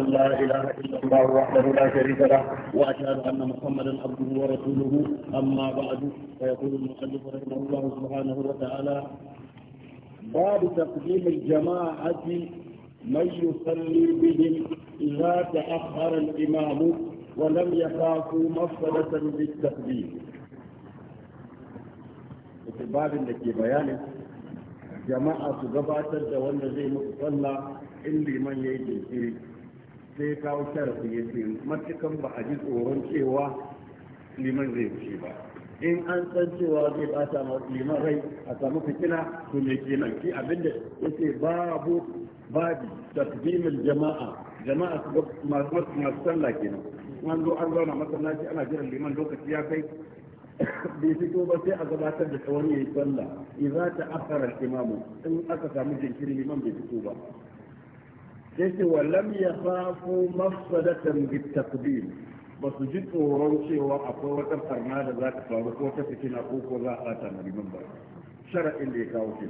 لا إله إلا الله وحده لا شريك له وأشهد أن محمدا عبده ورسوله أما بعد فيقول المؤلف رحمه الله سبحانه وتعالى باب تقديم الجماعة من يصلي بهم إذا تأخر الإمام ولم يخافوا مفسدة للتقديم. في باب التي بيانه جماعة تقبعت وأن زي مصلى اللي من يجي sai ya kawo sharafi ya ce matukan ba a ji tsoron cewa liman zai fushi ba in an san cewa zai bata ma liman rai a samu fitina to ke kenan ki abinda yace babu babi taqdimul jama'a jama'a su masu masu sallah kenan an zo an zauna masallaci ana jiran liman lokaci ya kai bai fito ba sai a gabatar da tsawon ya yayi sallah idza ta akhara imamu in aka samu jinkiri liman bai fito ba yake wa lam yakhafu mafsadatan bitaqdim ba su ji tsoron cewa akwai wata farna da za ta faru ko ta fitina ko ko za a ta liman ba shara'in da ya kawo shi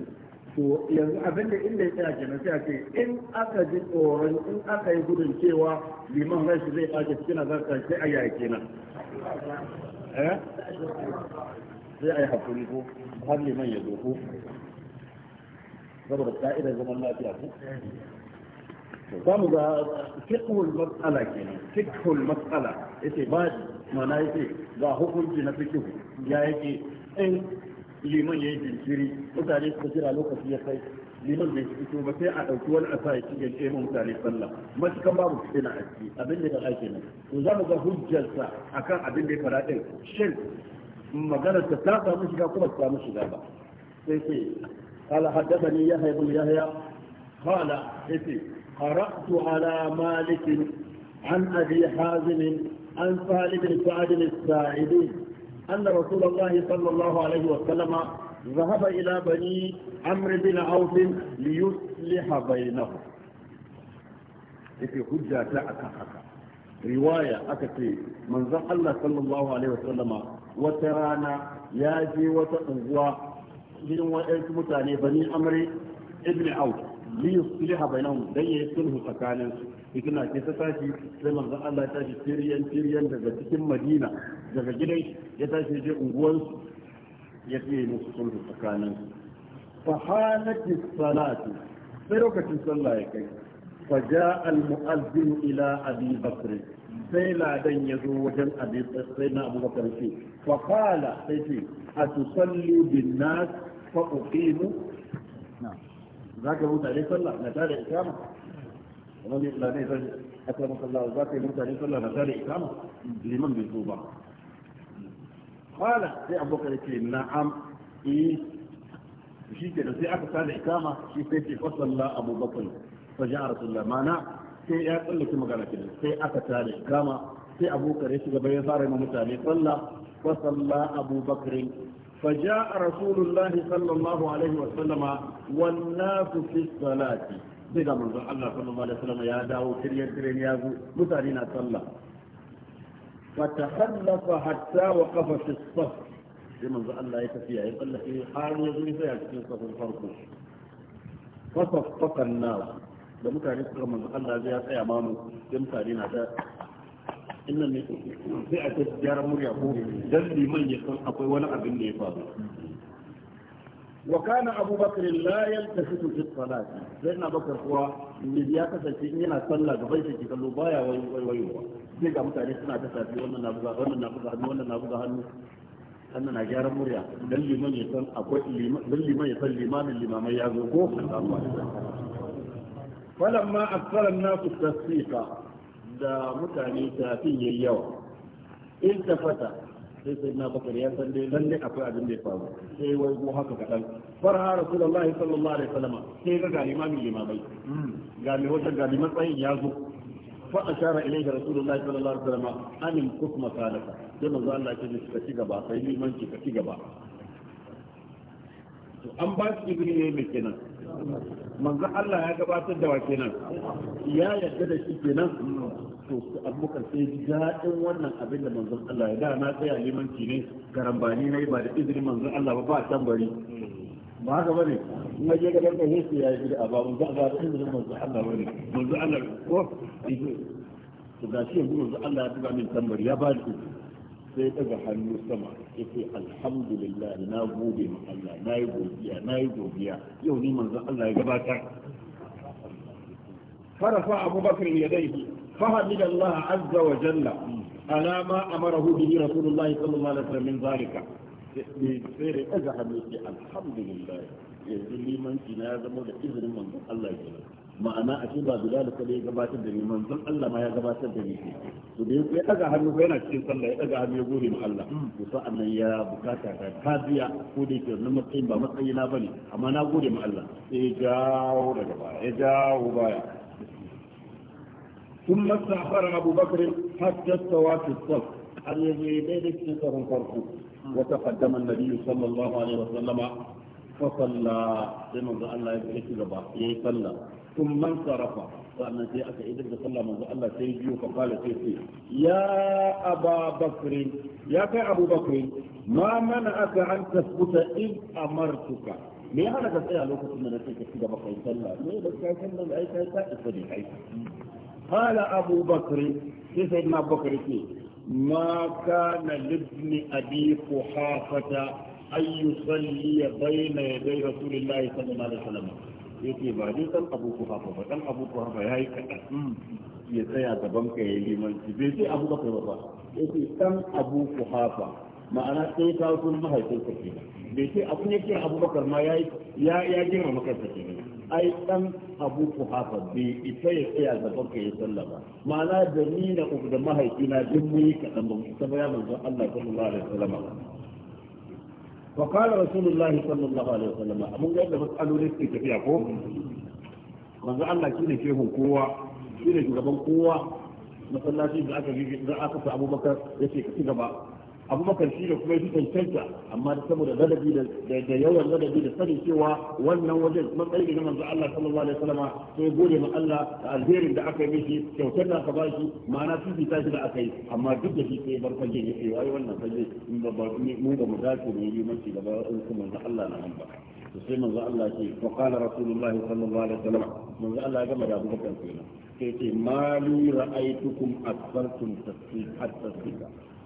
to yanzu abin da inda ya tsaya kenan sai a ce in aka ji tsoron in aka yi gudun cewa liman ran shi zai ɓace fitina za ta sai a yaya kenan eh? sai a yi hakuri ko har liman ya zo ko saboda ka'idar zaman lafiya ko za mu ga matsala ke kenan fiqhul matsala ita ba mana yace ga hukunci na fiqh ya yake in liman ya yi jinkiri mutane su jira lokaci ya kai liman bai fito ba sai a ɗauki wani asa ya cikin ce mu mutane sallah matukan babu fitina a ciki abin da ya faɗa kenan to za mu ga hujjarsa kan abin da ya faɗa ɗin shin magana ta ta samu shiga kuma ta samu shiga ba sai sai ni ya يحيى ya haya قال إتي قرأت على مالك عن أبي حازم عن سالم بن سعد الساعدي أن رسول الله صلى الله عليه وسلم ذهب إلى بني عمرو بن عوف ليصلح بينهم yake hujja ta akan haka riwaya aka ce manzon Allah sallallahu alaihi wasallama wata rana ya je wata unguwa gidan waɗansu mutane bani amri ibn li yusliha bainahum dan yi sulhu tsakanin su kina ce ta tashi sai manzon Allah ya tashi tiriyan tiriyan daga cikin Madina daga gidan ya tashi je unguwan su ya yi musu sulhu tsakanin su fa halati salatu sai lokacin sallah ya kai fa ja'a al ila abi bakr sai ladan ya zo wajen abi sai na abu bakar ce sai za ka mutane sallah na tare ikama kamar ne ila ne zan aka maka Allah za ka yi mutane sallah na tare ikama liman bai zo ba qala sai abubakar yake na'am eh shi ke da sai aka tare ikama shi sai ke fasalla abubakar fa a rasulullah mana sai ya tsallake magana kenan sai aka tare ikama sai abubakar ya shiga bayan fara mutane sallah fa salla abubakar فجاء رسول الله صلى الله عليه وسلم والناس في الصلاة سيدا من الله صلى الله عليه وسلم يا داو تريا تريا يا مسارين صلى فتخلف حتى وقف في الصف لمن الله يكفيها يقول لك حال يزني فيها في الصف الفرق فصفق الناس da mutane suka manzo Allah zai ya tsaya mamu innan ne sai a tafi gyaran murya ko dan liman ya san akwai wani abin da ya faru وكان أبو بكر لا يلتفت في الصلاة سيدنا in yana sallah يقصد في إن صلى baya في البايا ويوى zai ga mutane suna ta safi wannan na buga wannan na buga hannu wannan na buga hannu sannan na murya dan liman ya san akwai dan liman ya san limamin limamai ya zo ko falamma asfala an-nasu tasfiqa da mutane tafin yayi yawa in ta fata sai sai na bakar ya san dai lalle akwai abin da ya faru sai wai ko haka kadan farha rasulullahi sallallahu alaihi wasallam sai ga galima mai limamai ga mai wata galima tsayin ya zo fa ashara ilayhi rasulullahi sallallahu alaihi wasallam anin kusma salaka sai manzo Allah ya ce ka ci gaba sai limanci ka ci gaba to an ba shi ibni ne mai kenan manzo Allah ya gabatar da wake nan ya yarda da shi kenan to abubakar sai ji daɗin wannan abin da manzo Allah ya da na tsaya limanci ne garambani na ba da izinin manzo Allah ba ba tambari ba haka bane in ga ga dan kai sai ya yi da ba manzon ga da izinin manzo Allah bane manzo Allah ko to gashi yanzu manzo Allah ya tuba min tambari ya ba shi sai daga hannu sama ce alhamdulillah na gode ma Allah na yi godiya na yi godiya yau ni manzon Allah ya gabatar farafa abubakar ya dai فحمد الله عز وجل على ما امره به رسول الله صلى الله عليه وسلم من ذلك بسير ازهر الحمد لله يزل لي من كنا زمو da izinin manzon Allah ya ma'ana a ba guda da kada ya gabatar da ni manzon Allah ma ya gabatar da ni to da ya daga hannu ko yana cikin sallah ya daga hannu ya gode ma Allah to sa'annan ya bukata ta kafiya ko da yake na matsayin ba matsayi na bane amma na gode ma Allah sai ya dawo daga baya ya dawo baya ثم استعفر أبو بكر حتى استوى في الصف هل يجي بيدك سنتهم فرقه وتقدم النبي صلى الله عليه وسلم فصلى لمن الله يبقى يصلى ثم انصرف فأنا سي أكا إذن صلى الله الله سيجيو فقال سيسي يا أبا بكر يا أبو بكر ما منعك أن تثبت إذ أمرتك me ya hana ka tsaya lokacin da nake tafi da bakai sallah me da kai sallah ai kai ka isa ne kai qala abu bakr sai sayyidina bakr ce ma kana libni abi quhafata ay yusalli bayna yaday rasulillahi sallallahu alaihi wasallam ce ba ni san abu ku hafa ba dan abu ku hafa yayi kadan ya tsaya gaban ka yayi limanci bai sai abu ka ba yake san abu ku hafa ma'ana sai ka sun mahaifin ka ke bai sai abu ne abu abubakar ma yayi ya ya girma maka ke ai dan abu hafa bai ita ya tsaya gaban ka ya sallah ba ma'ana da ni na ku da mahaifina duk mun yi kaɗan ba mu saba ya manzo Allah sallallahu alaihi wasallam وقال رسول الله صلى الله عليه وسلم mun ga yadda matsalolin suke tafiya ko manzo Allah shine shehun kowa shine shugaban kowa masallaci da aka yi da aka sa Abubakar yace ka ci gaba abubakar shi da kuma yi cancanta amma da saboda ladabi da yawan ladabi da sanin cewa wannan wajen matsayi na manzo Allah sallallahu alaihi wasallam sai gode ma Allah da alherin da aka yi mishi kyautar da aka ba shi ma'ana ta shi da aka yi amma duk da shi sai bar fage ne sai wai wannan fage mu ba mu dace mu yi mace gaba in kuma manzo Allah na nan ba to sai manzo Allah ce fa qala rasulullahi sallallahu alaihi wasallam manzo Allah ya gama da abubakar kenan sai ce ma li ra'aytukum asfartum tasbih hatta tasbih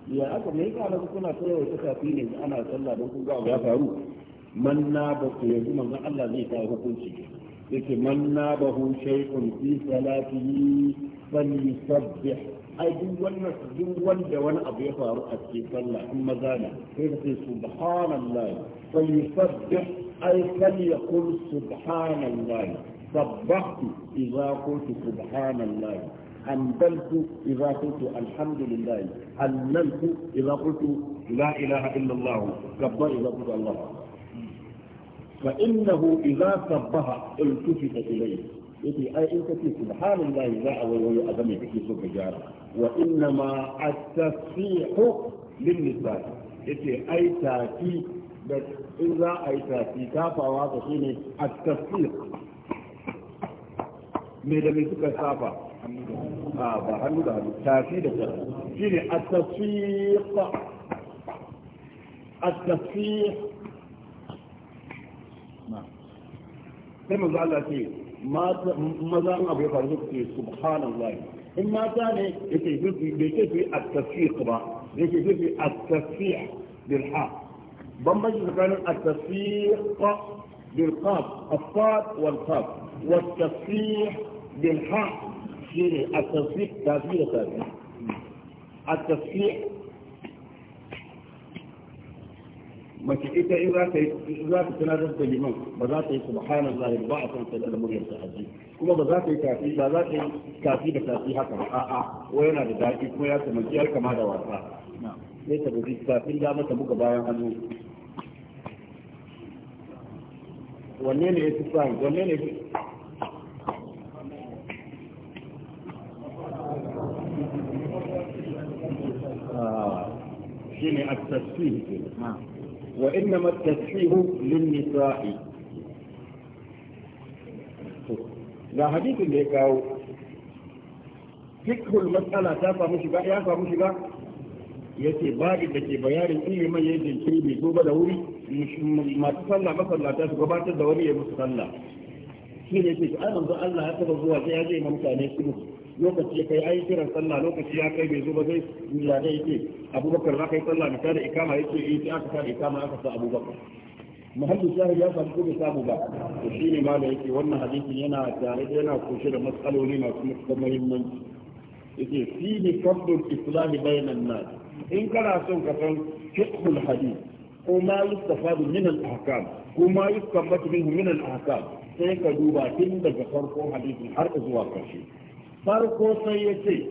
ya aka mai ka ku kuna ta yawa kafi ne ana sallah don kun ga ya faru man na ba ku yanzu manzon Allah zai kawo hukunci yake man na ba hu shaykhun fi salatihi falyusabbih ai duk wannan duk wanda wani abu ya faru a cikin sallah in maza ne sai ka ce subhanallah falyusabbih ai falyaqul subhanallah sabbahtu idza qultu subhanallah أنبلت إذا قلت الحمد لله أللت إذا قلت لا إله إلا الله كبر إذا قلت الله فإنه إذا صبها التفت إليه يقول أي أنت في سبحان الله لا أولي أدمي في سبحانه وإنما التسبيح للنساء يقول أي تأتي إذا أي تأتي كافة وهذا التسبيح ميدا من سكة a ba hannu da hannu tafi da tafi shi ne a tafiq a tafiq sai manzo Allah ce maza an abu ya faru suka ce subhanallah in mata ne yake fi bai ce fi a tafiq ba yake fi fi a tafiq bil ha bambanci tsakanin a tafiq بالقاف الصاد والقاف والتصحيح بالحق shine at-tasfiq tafi da tafi a tasfiq mace ita in za ta yi za ta tana da liman ba za ta yi su subhanallahi ba a san sai da muryar ta aji kuma ba za ta yi tafi ba za ta yi tafi da tafi haka ba a'a ko yana da daɗi kuma ya ta ya kama da wasa sai ta bugi tafin da mata buga bayan hannu wanne ne ya fi sa wanne ne shine at-tasfih wa innama at-tasfih lin-nisa'i ga hadithin da ya kawo fikhul matsala ta samu shiga ya samu shiga yace babu da ke bayanin ilimin ya jinkiri bai zo gobe da wuri masu sallah masallata su gabatar da wani ya musu sallah shi ne ce ana zo Allah ya taba zuwa sai ya je mutane su lokaci ya kai ayi kiran sallah lokaci ya kai bai zo ba sai ya dai yake abubakar za ka yi sallah misali da ikama yake yi eh, sai aka sa ikama aka sa abubakar muhammadu shahid ya samu ko bai samu ba to ne ma da yake wannan hadisin yana tare da yana kushe da matsaloli masu matuƙar muhimmanci yake fi ne fardul islami bayanan nan in kana son ka san fiqhul hadith ko ma yustafadu min al-ahkam ko ma yustammatu minhu min al-ahkam sai ka duba tun daga farko hadisin har zuwa ƙarshe farko sai ya ce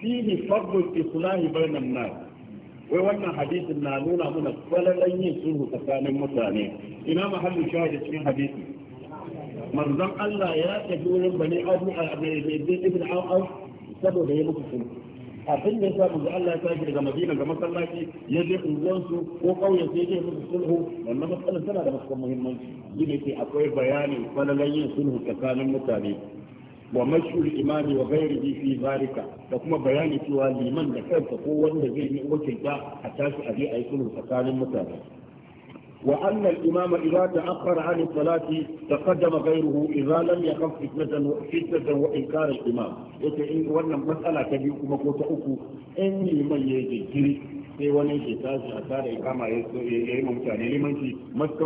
shi ne fadlul islahi nan nas wai wannan hadisin na nuna mana falalan yin sulhu tsakanin mutane ina mahallu shahidi cikin hadisi manzon Allah ya tafi wurin bani Abu a Ibn Auf saboda ya muku sulhu abin da yasa manzo Allah ya tashi daga Madina ga masallaci ya je su ko kauye sai ya musu sulhu wannan matsalar tana da matuƙar muhimmanci ne ke akwai bayanin falalan yin sulhu tsakanin mutane wa mashhur imami wa ghairihi fi zalika da kuma bayani cewa liman da kansa ko wanda zai yi wakilta a tashi a je a yi sulhu tsakanin mutane wa وأن الإمام إذا تأخر عن الصلاة تقدم غيره إذا لم يخف فتنة فتنة وإنكار الإمام. يتعين وأن مسألة تجيك مكوتة أكو إني من يجري sai wani ke tashi a tare ya kama ya so ya yi mutane liman shi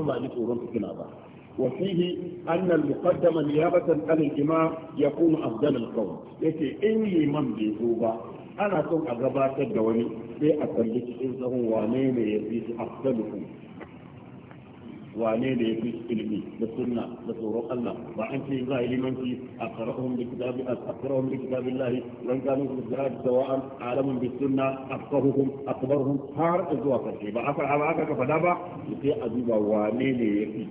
ba ni tsoron su ba wasihi annal muqaddama ya an al imam yakun afdal al qawm yace in liman bai zo ba ana son a gabatar da wani sai a tsalli cikin sahun wane ne ya fi afdalu wane ne ya fi ilimi da sunna da tsoron Allah ba an ce za a yi limanci a karahun da kitabi a karahun da kitabin lahi ran kanu su da sawa'an alamun da sunna a afqahuhum akbaruhum har zuwa karshe ba aka ba aka fada ba sai a duba wane ne ya fi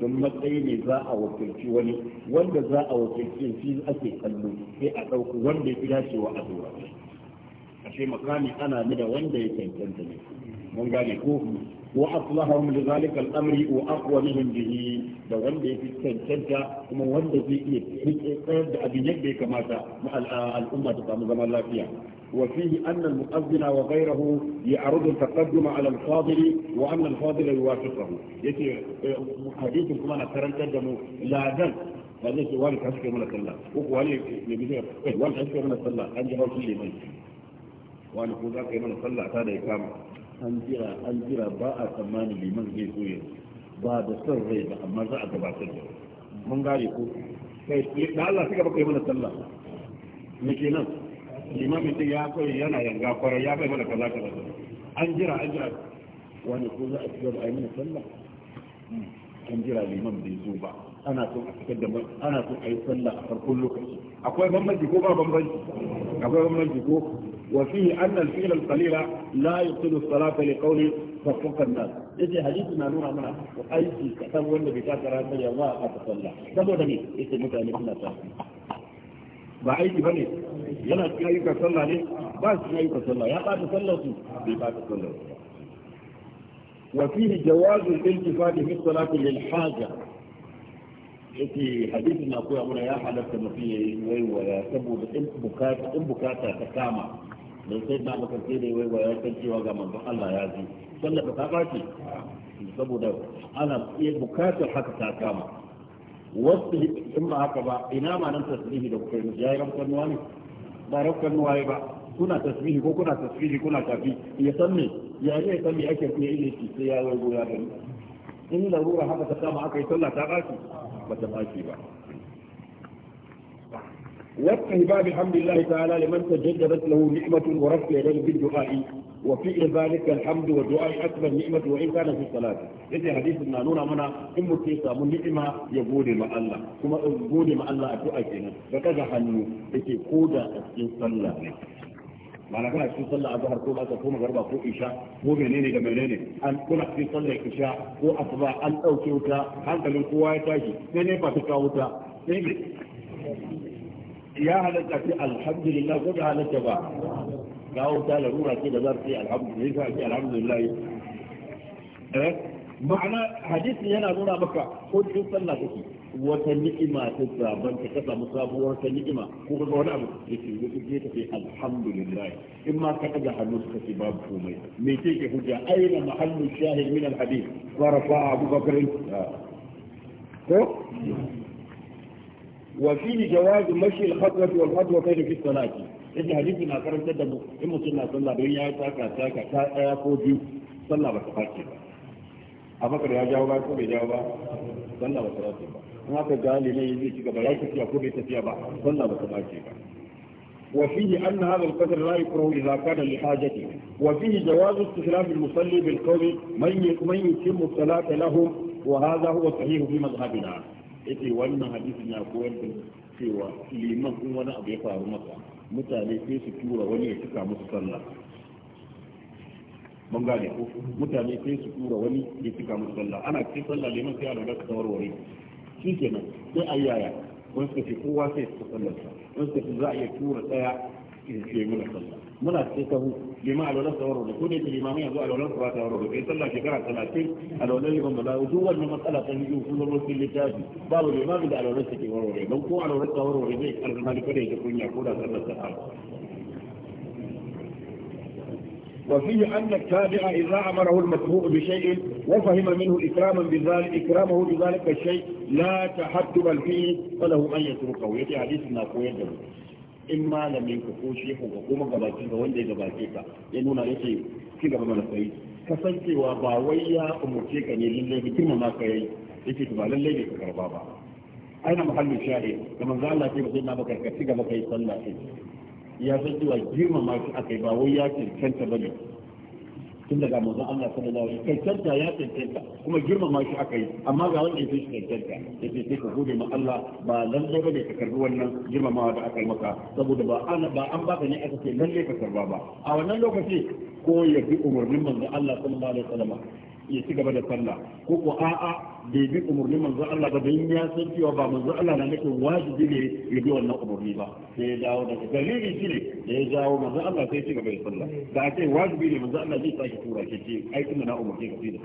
don matsayi ne za a wakilci wani wanda za a wakilci shi ake kallo sai a ɗauki wanda ya fi dacewa a dora ashe makami ana ni da wanda ya cancanta ne mun gane ko wa aslaha min zalika al-amri wa aqwa min bihi da wanda yake cancanta kuma wanda zai iya rike tsayar da abin yadda kamata mu al-umma ta samu zaman lafiya wa fihi anna al-muqaddim wa ghayruhu ya'rudu al-taqaddum ala al-fadil wa anna al-fadil yuwafiquhu yake eh, hadithin kuma na karantar da mu ladan ba zai ce wani kashe mana sallah ko ko wani ne bi eh, mana sallah an ji hausa limai wani ko za ka yi mana sallah ta da kama an jira an jira ba a tsammanin liman zai zo ba da son rai ba amma za a gabatar da mun gare ko kai da Allah suka baka yi mana sallah ne kenan limamin ta ya kai yana yanga kwarai ya kai mana kaza kaza an jira an jira wani ko za a ci gaba a yi mana sallah an jira liman bai zo ba ana son a fitar da ana son a yi sallah a farkon lokaci akwai bambanci ko ba bambanci akwai bambanci ko وفيه أن الفعل القليل لا يبطل الصلاة لقول فقق الناس يجي حديث ما نورا منا وأي شيء كتب وأن بكاثر الله أتصلى سبو دمي يجي متعني كنا ba aiki ba ne yana cikin ayyukan sallah ne ba su cikin ayyukan sallah ya ɓata sallar su bai ɓata sallar su wa fihi jawazul iltifati fi salati lil haja yake hadisi na koya mana ya halarta mutum ya saboda in bukata ta dan sai na baka sai da wai wai kan cewa ga manzon Allah ya ji sallar ta bace saboda ana iya bukatar haka ta kama wasu in ba haka ba ina ma nan tasbihi da kuka yi ya ramkan nuwa ne ba ramkan nuwa ba kuna tasbihi ko kuna tasbihi kuna kafi ya san me ya ne san me ake kuma ile shi sai ya wai ya da ni in larura haka ta kama aka yi sallah ta bace ba ta bace ba باب الحمد الله تعالى لمن تجددت له نعمة ورفع يديه بالدعاء وفي ذلك الحمد والدعاء أكبر نعمة وإن كان في الصلاة إذا حديث النانون أمنا إن متيسا من نعمة يقول مع الله كما يقول مع الله أتؤكنا فكذا حنو إتي قودة أسين صلى ma'ana kana cikin sallar azhar ko ba ko magarba ko isha ko menene da menene an kuna cikin sallar isha ko asuba an dauke wuta hankalin kowa ya tashi ya halatta fi alhamdulillah ko da halatta ba ga wata larura ce da za ta yi alhamdulillah ya alhamdulillah eh ma'ana hadisi yana nuna maka ko cikin sallah take wata ni'ima ta zaban ta kasa musabuwar ta ni'ima ko ga wani abu da ke wuce je ta ce alhamdulillah in ma ka ɗaga hannu suka ce babu komai me ce ke hujja aina mahallu shahid min alhadith wa rafa'a abubakar ah. ko وفيه جواز مشي الخطوة والخطوة في الصلاة إذا حديث من أكرم تدب إما صلى صلى بيا تاكا تاكا تاكا كوجو صلى بتفاكي أفكر يا جاوبا كو بجاوبا صلى بتفاكي ما كجالي لي يجي كبا لا تفيا كوبي تسيا با صلى بتفاكي وفيه أن هذا القدر لا يكره إذا كان لحاجته وفيه جواز استخلاف المصلي بالقول من يتم الصلاة له وهذا هو صحيح في مذهبنا yake wannan hadisin na koyar da cewa liman in wani abu ya faru masa mutane sai su tura wani ya cika musu sallah mun gane ko mutane sai su tura wani ya cika musu sallah ana cikin sallah liman sai a lura ka warware shi kenan sai ayyaya wani suka ce kowa sai su sallar sa wani suka ce za a iya tura daya ke muna sallah muna ce ta hu lima alwalar sa warware ko da yake limami yanzu alwalar sa ba ta warware kai sallah shekara talatin alwalar liman bala duk wannan matsala ta yi sun zama sun littafi babu limami da alwalar sa ke warware don ko alwalar sa warware zai karfin hali kada ya ta kunya ko da sallar sa'a وفيه أن التابع إذا أمره المتبوع بشيء وفهم منه إكراما بذلك إكرامه بذلك الشيء لا تحتما فيه فله أن يتركه يتي حديث ناقوية in malamin ka ko shehu ka kuma gabaki ka wanda ya gabace ka ya nuna yake ci gaba mana sai kasancewa ba wai ya umurce ka ne lalle ki kuma ma kai yace to ba lalle ne ka karba ba aina muhallin shahi da manzo Allah ke bai na baka ka ci gaba kai sallah ya san cewa girmama shi akai ba wai ya cancanta bane tun daga manzon Allah sallallahu alaihi wasallam cancanta ya cancanta kuma girmama shi aka yi amma ga wanda ya shi cancanta yace sai ka gode ma Allah ba lalle ne ka karbi wannan girmamawa da aka yi maka saboda ba an ba an baka ne aka ce lalle ka karba ba a wannan lokaci ko ya bi umarnin manzon Allah sallallahu alaihi wasallam ya ci gaba da sallah ko ko a'a bai bi umarnin manzo Allah ba dan ya san cewa ba manzo Allah na nake wajibi ne ya bi wannan umarni ba sai ya dawo daga dalili shine da ya dawo manzo Allah sai ya ci gaba da sallah da ake wajibi ne manzo Allah zai sake tura shi ce aikin na umarni ga da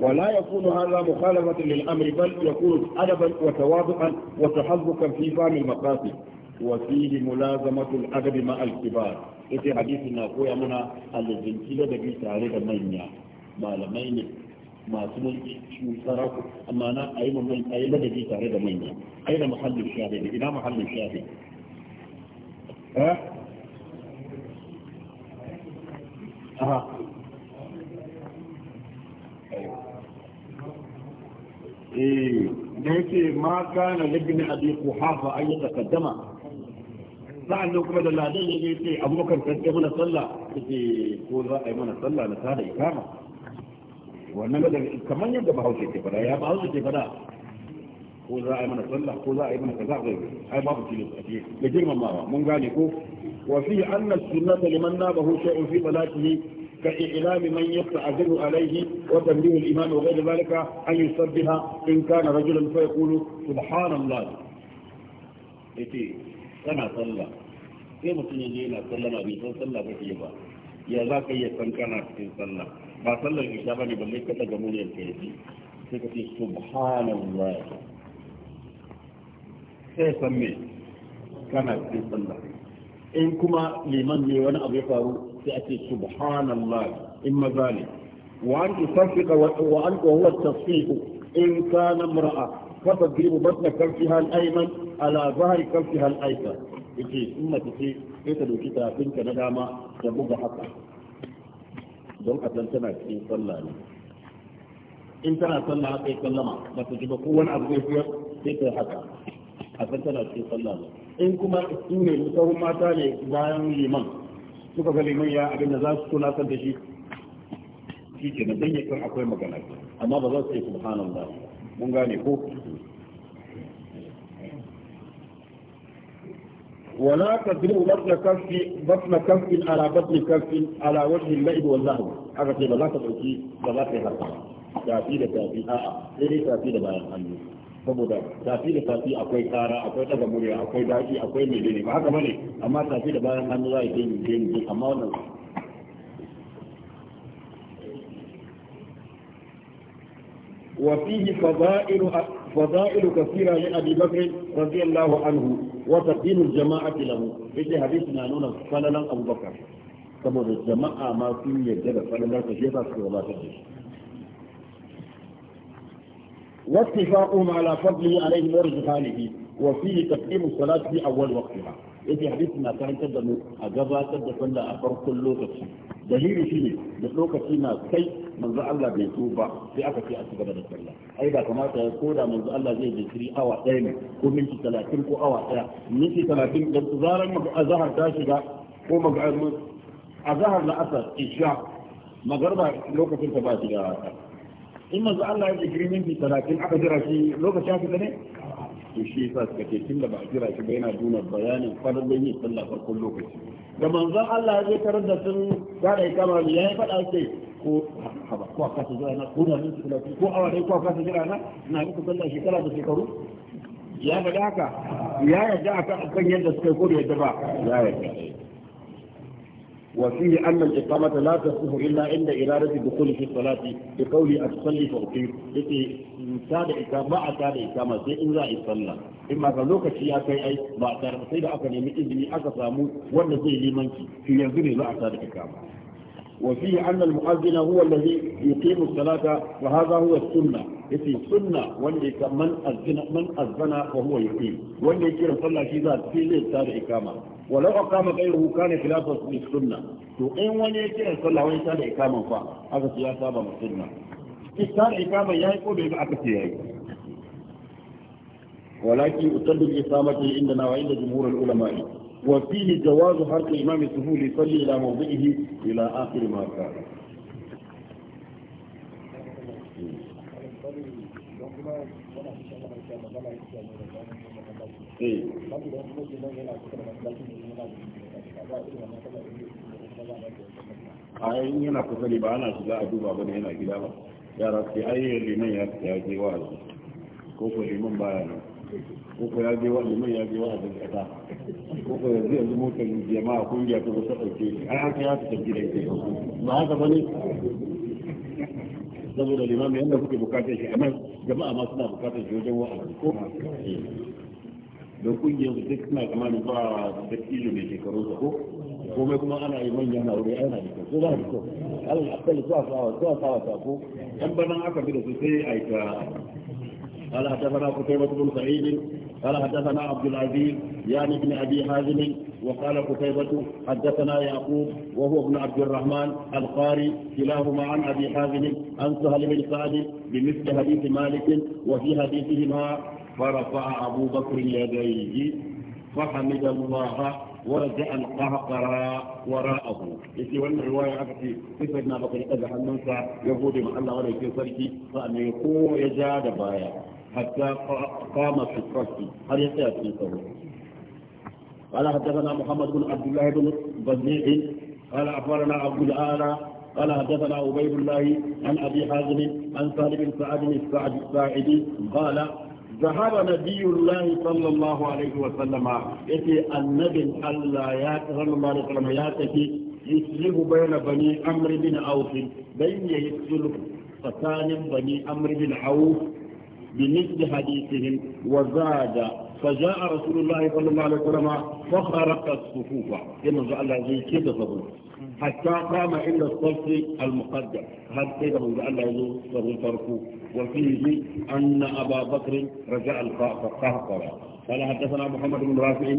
ولا يكون هذا مخالفة للأمر بل يكون أدبا وتواضعا وتحظكا في فهم المقاصد وفيه ملازمة الأدب مع الكبار ita hadisi na koya mana alzinci da bi tare da manya malamai ne masu mulki cikin saraku amma na ayi mamman ayi ladabi tare da manya aina muhallin shafi da ina muhallin shafi eh aha eh da yake ma kana libni abi quhafa ayyata kaddama sa'an nan kuma da ladan ya je ce abubakar kan ce mana sallah ce ko za a yi mana sallah na tada ikama wannan da kamar yadda bahaushe ke fada ya bahaushe ke fada ko za a yi mana sallah ko za a yi mana kaza ko ai babu tilis a cikin da mawa mun gane ko wa fi anna sunnata liman a shay'un fi salatihi كإعلام من يستعذر عليه وتنبيه الإمام وغير ذلك أن in إن كان رجلا فيقول سبحان الله إيه kana sallah sai mutum ya yana sallah ba bai san sallah ba ke ba ya za ka iya san kana cikin sallah ba sallar isha ba ne mai kada gamu ne ka yi sai ka ce subhanallah sai san me kana cikin sallah in kuma liman ne wani abu ya faru sai a ce subhanallah in maza ne wa an tusaffika wa an huwa tasfiqu in kana mar'a فتضرب بطن كفها الأيمن على ظهر كفها الأيسر yake in mace ce sai ta doki tafinka na dama da buga haka don a tana cikin sallah in tana sallah haka ya sallama ba ta wani abu zai sai ta haka a tana cikin sallah in kuma ne mata ne bayan liman suka ga liman ya abin da za su tunatar da shi shi ke na dan akwai magana amma ba za su yi subhanallah mun gane ko Wala ka بطن كف بطن كف على kafi ala على وجه اللعب واللهو aka ce ba za ka ɗauki ba za ka yi harka tafi da tafi a'a sai dai tafi da bayan hannu saboda tafi da tafi akwai kara akwai daga murya akwai daki akwai menene ba haka bane amma tafi da bayan hannu za a yi gemu gemu amma wannan وفيه فضائل فضائل كثيرة لأبي بكر رضي الله عنه وتقديم الجماعة له في حديثنا نون فللا أبو بكر saboda الجماعه ما في yarda da falalar في shi za واتفاقهم على فضله عليه ورزقانه وفيه تقديم الصلاة في أول وقتها yake hadisi na karantar da mu a gabatar da sallah a farkon lokaci dalili shine da lokaci na kai manzo Allah bai so ba sai aka ce a ci gaba da sallah ai ba kamata ya koda manzo Allah zai je kiri awa ɗaya ne ko minti talatin ko awa ɗaya minti talatin da zaran mu azhar ta shiga ko magariba azhar na asar isha magarba lokacin ta ba shiga in manzo Allah ya je kiri minti talatin aka jira shi lokacin haka ne to shi yasa suka ce tun da ba a kira shi ba yana nuna bayanin farin yin sallah farkon lokaci da manzon Allah ya tarar da sun gada ikama ne ya faɗa sai ko haba ko a kasa jira na ko na minti talatin ko awa dai ko a kasa jira na na muku shekara da shekaru ya faɗa haka ya yarda akan yadda suka ko da yadda ba ya yarda وفيه أن الإقامة لا تصح إلا عند إرادة الدخول في الصلاة بقول أصلي فأقيم التي سادة إقامة ما أتاد إقامة سي إن ذا يصلى إما فلوك شيئا كي أي ما أتاد سيدا أكا نمي إذني أكا سامو وانا زي لمنك في ينزل لا أتاد إقامة وفيه أن المؤذن هو الذي يقيم الصلاة وهذا هو السنة يتي سنة واللي من أذن من أذن فهو يقيم واللي يكير صلى في ذات في ليل سادة إقامة walau aqama ghayruhu kana khilafa sunnah to in wani ya kira sallah wani ta da ikaman fa aka ce ya saba ma sunna isar ikaman yayi ko bai aka ce yayi ولكن أتد الإقامة عندنا وعند جمهور العلماء وفيه جواز حرق إمام السهول يصلي إلى موضعه إلى آخر ما قال a yana kusa ne ba ana shiga a duba ba yana gida ba yara sai liman ya ko ko liman baya nan ko ko ya je wa liman ya je wa ko ko yanzu yanzu motar jama'a kungiya ta wata ɗauke ai haka ya fita ba haka ba ne saboda liman yadda da kungiyar su duk na tsammanin ba da kilo mai shekaru da ko komai kuma ana yi manyan na wuri ana da ko za a ko alal akali zuwa sawa zuwa sawa ta ko dan banan aka bi da su sai a yi ta قال حدثنا قتيبة بن سعيد قال حدثنا عبد العزيز يعني ابن ابي حازم وقال قتيبة حدثنا يعقوب وهو ابن عبد الرحمن القاري كلاهما عن ابي حازم عن سهل بن سعد بمثل حديث مالك وفي حديثهما فرفع أبو بكر يديه فحمد الله ورجع القهقر وراءه يجي وانا رواية عكسي سيدنا بكر أذى يقول مع الله ولا يكون صريكي فأن يقول يجاد بايا حتى قام في الصف هل يسأل قال حدثنا محمد بن عبد الله بن بزيع قال أخبرنا عبد الآلة قال حدثنا عبيد الله عن أبي حازم عن سالم بن سعد الساعدي قال ذهب نبي الله صلى الله عليه وسلم يتي النبي الله يا صلى الله عليه وسلم يا تكي يسلب بين بني أمر بن عوف بين يسلب فكان بني أمر بن عوف بمثل حديثهم وزاد فجاء رسول الله صلى الله عليه وسلم فخرق الصفوف كما جاء الله زي كده صبر حتى قام عند الصف المقدم هل كده من الله زي صبر فرقوه وفيه أن أبا بكر رجع القهقرة قال حدثنا محمد بن رافع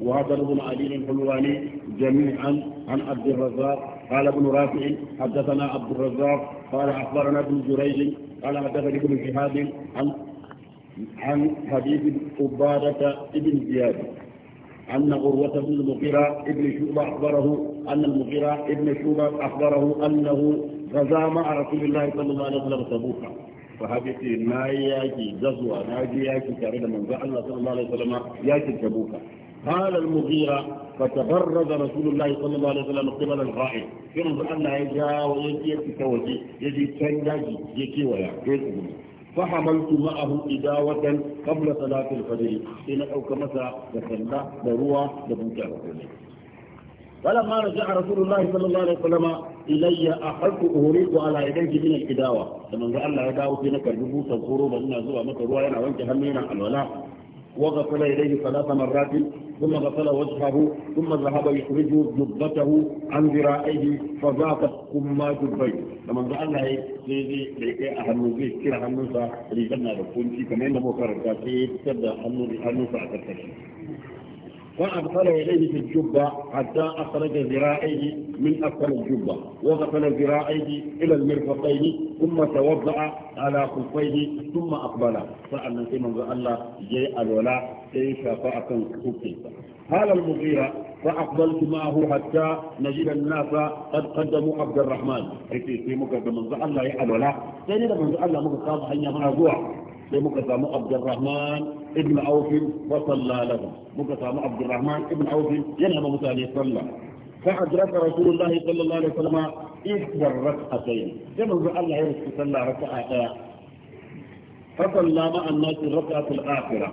وهذا بن علي الحلواني جميعا عن عبد الرزاق قال ابن رافع حدثنا عبد الرزاق قال أخبرنا ابن جريج قال حدثني ابن شهاب عن عن حديث عبادة ابن زياد أن عروة بن المغيرة ابن شوبة أخبره أن المغيرة ابن شوبة أخبره أنه غزا مع رسول الله صلى الله عليه وسلم تبوكا sahabi ce na yaki gazuwa na je yaki tare da manzo Allah sallallahu alaihi wasallam yakin tabuka قال المغيرة فتبرز رسول الله صلى الله عليه وسلم قبل الغائب في رمض الله يجا ويجي يتوجي يجي تنجي يكي ويا فحملت معه إداوة قبل صلاة الفجر إن أو كمسا دخلنا دروا دبوتا فلما رجع رسول الله صلى الله عليه وسلم الي احب اهريق على يديه من الاداوه فمن قال الله يداو في نكر ربوس الخروب ان زوا مك روا ينا وانك همينا الولاء وغسل يديه ثلاث مرات ثم غسل وجهه ثم ذهب يخرج جبته عن ذراعيه فذاقت كما جبيه فمن قال الله سيدي لكي اهمل به كره هنوسا لجنة بكون كما أنه مكرر كثير تبدا هنوسا اكثر فأدخل يديه في الجبة حتى أخرج ذراعيه من أسفل الجبة وغسل ذراعيه إلى المرفقين ثم توضأ على خفيه ثم أقبل فأنا في منظر الله جاء الولاء كيف فأكن خفيفا قال المغيرة فأقبلت معه حتى نجد الناس قد قدموا عبد الرحمن في في مقدم منظر الله يا الولاء سيدنا منظر الله مقدم الله يا لمكة سامو عبد الرحمن ابن عوف وصلى له مكة سامو عبد الرحمن ابن عوف ينهب موسى صلى الصلاة فحضرت رسول الله صلى الله عليه وسلم إحدى الركعتين كما يقول الله يرسل صلى ركعة فصلى مع الناس الركعة الآخرة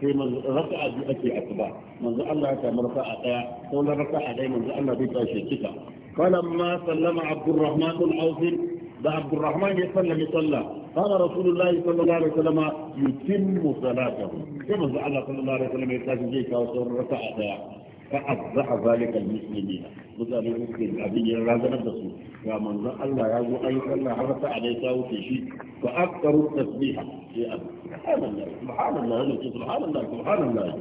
في من ركعة بأتي أكبر من ذا الله كما ركعة قول ركعة من ذا الله بيتا شيء فلما سلم عبد الرحمن العوف ده عبد الرحمن يسلم يصلى قال رسول الله صلى الله عليه وسلم يتم صلاته كما فعل صلى الله عليه وسلم يتاج جيكا وصور ركعة فأفضح ذلك المسلمين مثلا المسلم أبي رازنا نفسه يا من ذا الله يا أبو أي صلى حرف عليك وفي شيء فأكثر التسبيح سبحان الله سبحان الله سبحان الله سبحان الله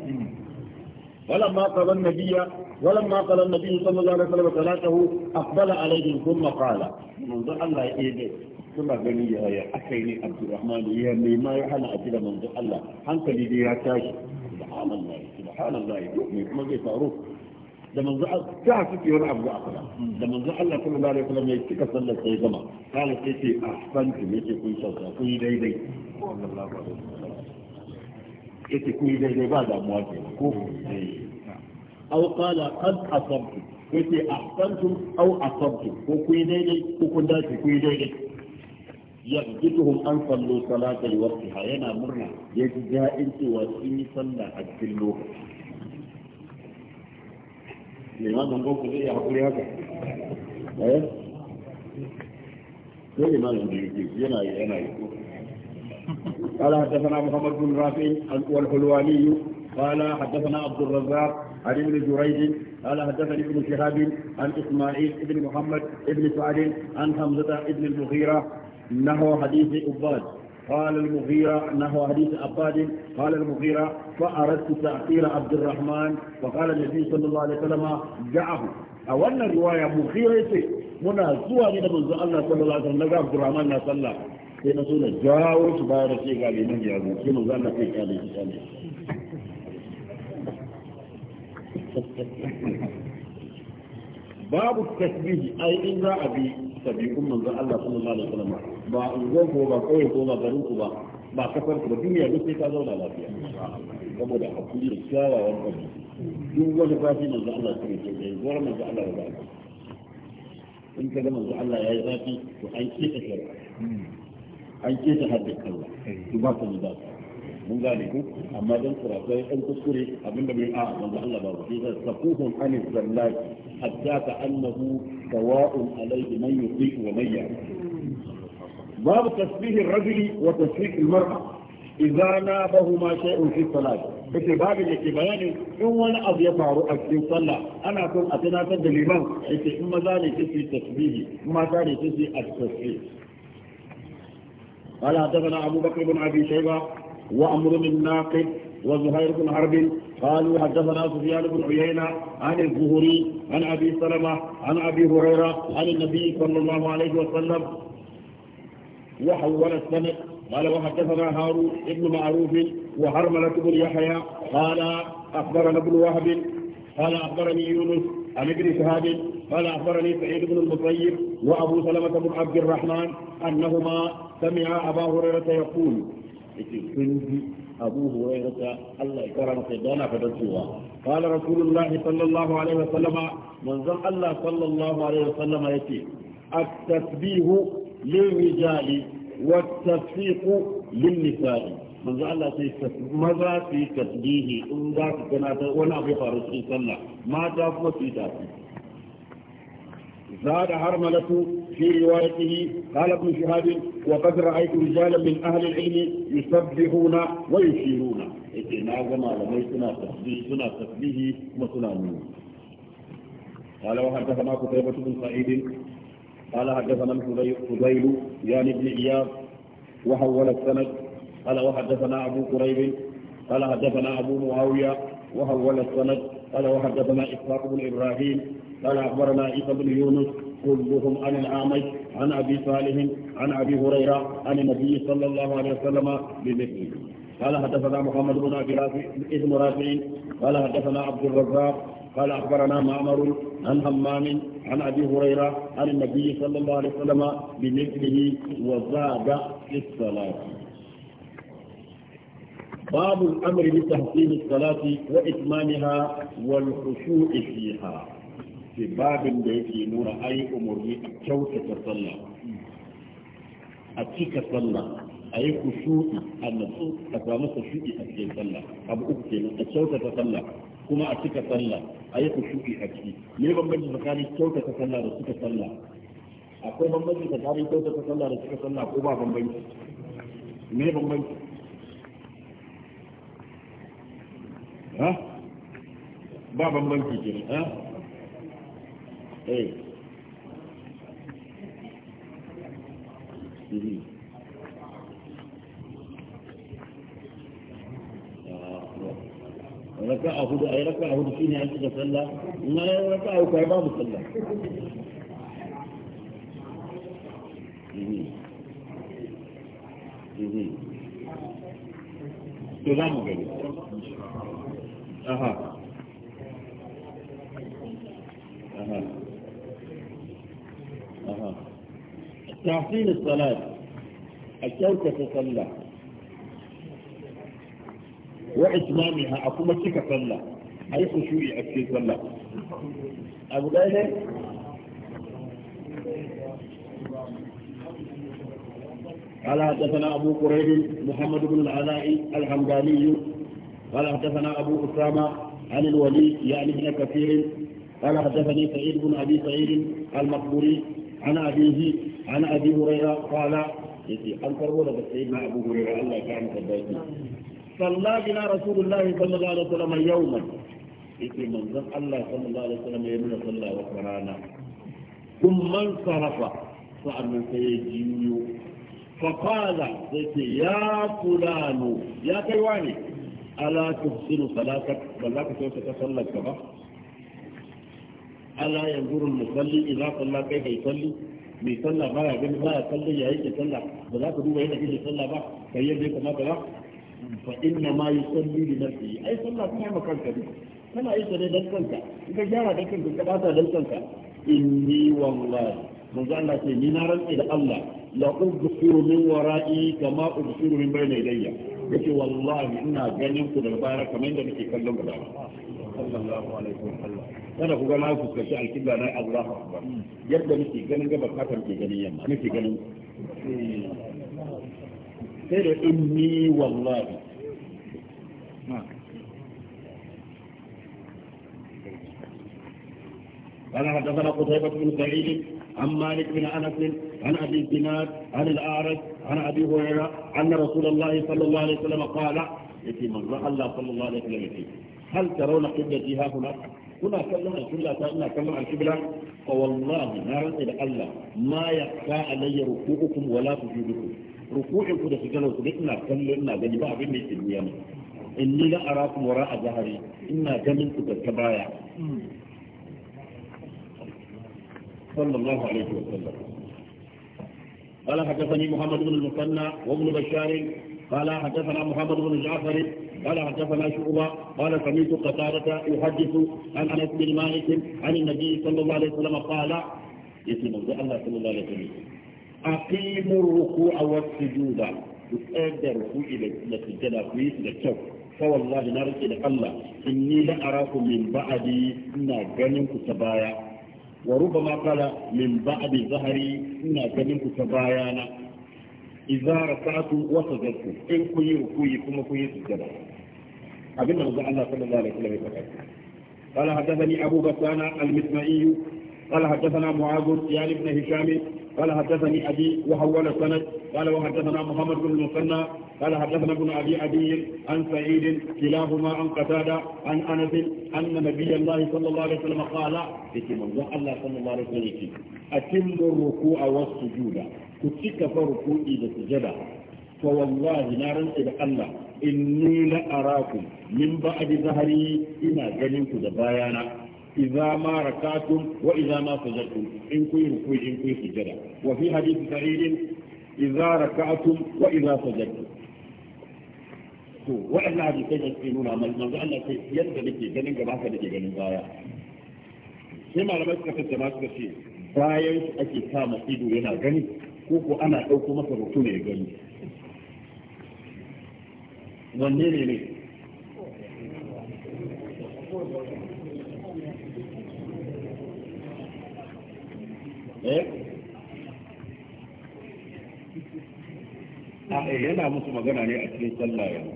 ولما قضى النبي ولما قضى النبي صلى الله عليه وسلم صلاته أقبل عليه ثم قال منذ الله إيدي ثم بني يا أخيني عبد الرحمن يا ما يحنى أجل منذ الله حنك لدي يا تاجي سبحان الله سبحان الله ما زي فاروق da manzo ta suke wani abu a kula da manzo Allah sallallahu alaihi wasallam ya cika sallar sai gama kala sai ce ahsantu yake kun sauka kun yi daidai sallallahu alaihi wasallam yake kun yi daidai ba damuwa ke ko eh. au qala qad asabtu yake ahsantum au asabtu ko ku yi daidai ko kun dace kun yi daidai yaqdituhum an sallu salata li waqtiha yana murna yaji da'in cewa sun yi sallah a cikin lokaci limamin goku zai yi haƙuri haka eh sai limamin da yake yana yana yi قال حدثنا محمد بن رافع والحلواني قال حدثنا عبد الرزاق عن ابن جريج قال حدثني ابن شهاب عن اسماعيل بن محمد بن سعد عن حمزه بن المغيره نحو حديث عباد قال المغيرة نحو حديث عباد قال المغيرة فأردت تأثير عبد الرحمن فقال النبي صلى الله عليه وسلم جعه أولا رواية مغيرة منا سوى من الله صلى الله عليه وسلم عبد الرحمن صلى الله sai na so na jawo shi baya da ce ga liman ya zo sai manzo na sai kyale shi kyale babu tasbihi ai in za a bi sabiqun manzo Allah sallallahu alaihi wasallam ba ungon ko ba kauye ko ba garin ku ba ba kafar ku ba duniya duk sai ka zauna lafiya saboda hakuri da kyawawan kabi duk wani zafi manzo Allah sai ya ce zuwa manzo Allah ya ba in ka ga manzo Allah ya yi zafi to an kike shari'a an keta haddar kalma su ba su da mun gane ku amma dan kurasa ya dan kuskure abinda bai a manzo Allah ba sai da safuhun anil zallati hatta ka annahu sawa'un alayhi man yuti wa man ya'ti باب تسبيح الرجل وتسبيح المرأة إذا نابهما شيء في الصلاة kace babin da ke bayani in wani abu ya faru a cikin sallah ana son a tunatar da liman yace in maza ne kace tasbihi in mata ne kace at-tasbih قال حدثنا أبو بكر بن أبي شيبة وأمر بن ناقد وزهير بن حرب قالوا حدثنا سفيان بن عيينة عن الزهري عن أبي سلمة عن أبي هريرة عن النبي صلى الله عليه وسلم وحول السند قال وحدثنا هارون بن معروف وحرملة بن يحيى قال أخبرنا ابن وهب قال أخبرني يونس عن ابن شهاب قال أخبرني سعيد بن المطيب وأبو سلمة بن عبد الرحمن أنهما سمع أبا هريرة يقول أبو هريرة الله كرم سيدنا فدسوا قال رسول الله صلى الله عليه وسلم من زم الله صلى الله عليه وسلم يتي التسبيح للرجال والتصفيق للنساء من زم الله في ماذا في tasbihi in za su kana ta wani abu faru cikin sallah زاد هرملة في روايته قال ابن شهاب وقد رأيت رجالا من أهل العلم يسبحون ويشيرون إتنا وما لمي سنا تسبيح وتنامون تسبيه قال وحدثنا كتابة بن سعيد قال حدثنا الفضيل يعني ابن إياب وحول السند قال وحدثنا أبو قريب قال حدثنا أبو معاوية وحول السند قال وحدثنا إسحاق بن إبراهيم قال أخبرنا عيسى بن يونس كلهم عن العامي عن أبي صالح عن أبي هريرة عن النبي صلى الله عليه وسلم بمثله قال حدثنا محمد بن أبي رافع اسم رافع قال حدثنا عبد الرزاق قال أخبرنا معمر عن همام عن أبي هريرة عن النبي صلى الله عليه وسلم بمثله وزاد في الصلاة باب الأمر بتحسين الصلاة وإتمامها والخشوع فيها ke babin da yake nuna ayi umarni a kyautata sallah a cika sallah a yi kushu'i a natsu a samu kushu'i a cikin sallah abu uku kenan a kyautata sallah kuma a cika sallah a yi kushu'i a ciki me bambanci tsakanin kyautata sallah da cika sallah akwai bambanci tsakanin kyautata sallah da cika sallah ko ba bambanci me bambanci ha ba bambanci kenan ha Eh. Mhm. Ah, raka a hudu a yi raka a hudu yi raka a babu mhm. Mhm. to za mu aha تحصيل الصلاة الشوكة صلى وإتمامها أقوم الشكة صلى أي خشوعي أكثر صلى أبو غيره قال حدثنا أبو قريب محمد بن العلاء الحمداني قال حدثنا أبو أسامة عن الولي يعني ابن كثير قال حدثني سعيد بن أبي سعيد المقبوري عن أبيه عن أبي هريرة قال يتي أنكر ولد سيدنا أبو هريرة الله كان كبيتي صلى بنا رسول الله صلى الله عليه وسلم يوما يتي منزل الله صلى الله عليه وسلم يمنى صلى وقرانا ثم انصرف من سيدي فقال يا فلان يا كيواني ألا تحسن صلاتك بل لا تحسن صلاتك ألا ينظر المصلي إذا صلى كيف يصلي mai sallah ba ya gani ba ya sallah ya yake sallah ba za ka duba yadda kake sallah ba kai yadda ya kamata ba fa inna ma yusalli li nafsihi ai sallah kuma ma kanka ne kana yi ne dan kanka in ka gyara dan kanka ka bata dan kanka inni wallahi manzo Allah ce ni na rantsa da Allah la ubsiru min wara'i kama ubsiru min bayna yadayya yace wallahi ina ganin ku da baya kamar yadda nake kallon sallallahu alaihi wa sallam kada ku ga na fuskanci alƙibla na Allahu akbar yadda nake ganin gaba fatan ke ganin yamma nake ganin sai da inni wallahi حدثنا قتيبة بن سعيد عن مالك بن عن أبي الزناد عن الأعرج عن أبي هريرة أن رسول الله صلى الله عليه وسلم قال يتي من رأى الله صلى الله عليه وسلم يتي هل ترون قبلتي ها هنا هنا كلنا كلنا كلنا كلنا قبلة فوالله ما إلى الله ما يخفى علي ركوعكم ولا سجودكم ركوعكم ده سجلوا سجدنا كلنا بني بعض بني سلميان إني لا أراكم وراء ظهري إنا جمنتك بالكبايا صلى الله عليه وسلم قال حدثني محمد بن المثنى وابن بشار قال حدثنا محمد بن جعفر قال حدثنا شعبة قال سمعت قتادة يحدث عن أنس بن مالك عن النبي صلى الله عليه وسلم قال يسلم الله صلى الله عليه وسلم أقيموا الركوع والسجود يؤدى الركوع إلى السجدة كويس للشوك فوالله نرجع إلى الله إني لأراكم من بعدي إنا غنمكم تبايا wa ruba ma kala min ba'di zahari ina ganin ku ta bayana idza rakatu wa sajadtu in ku kuyi kuma ku yi sujada abin da manzo Allah sallallahu alaihi wasallam ya faɗa قال حدثني أبو بكر المسمعي قال حدثنا معاذ يعني ابن هشام قال حدثني أبي وحول السند قال وحدثنا محمد بن المثنى قال حدثنا ابن أبي أبي عن سعيد كلاهما عن قتادة عن أنس أن نبي الله صلى الله عليه وسلم قال في من الله صلى الله عليه وسلم أتم الركوع والسجود كتك فركوعي بسجدة فوالله نارا إلى الله إني لأراكم من بعد ظهري إلى جنك دبايانا إذا ما ركعتم وإذا ما سجدتم إن كن ركوع إن كن سجدا وفي حديث سعيد إذا ركعتم وإذا سجدتم وإذا حديثين يسكنون عمل من ذا الله يدى لكي جنن جبعك لكي جنن غاية كما لما يتكفت ما تكفي bayan shi ake kama ido yana gani ko ko ana ɗauko masa rutu ne gani wanne ne ne Eh? Ah, eh yana musu magana ne a cikin sallah yau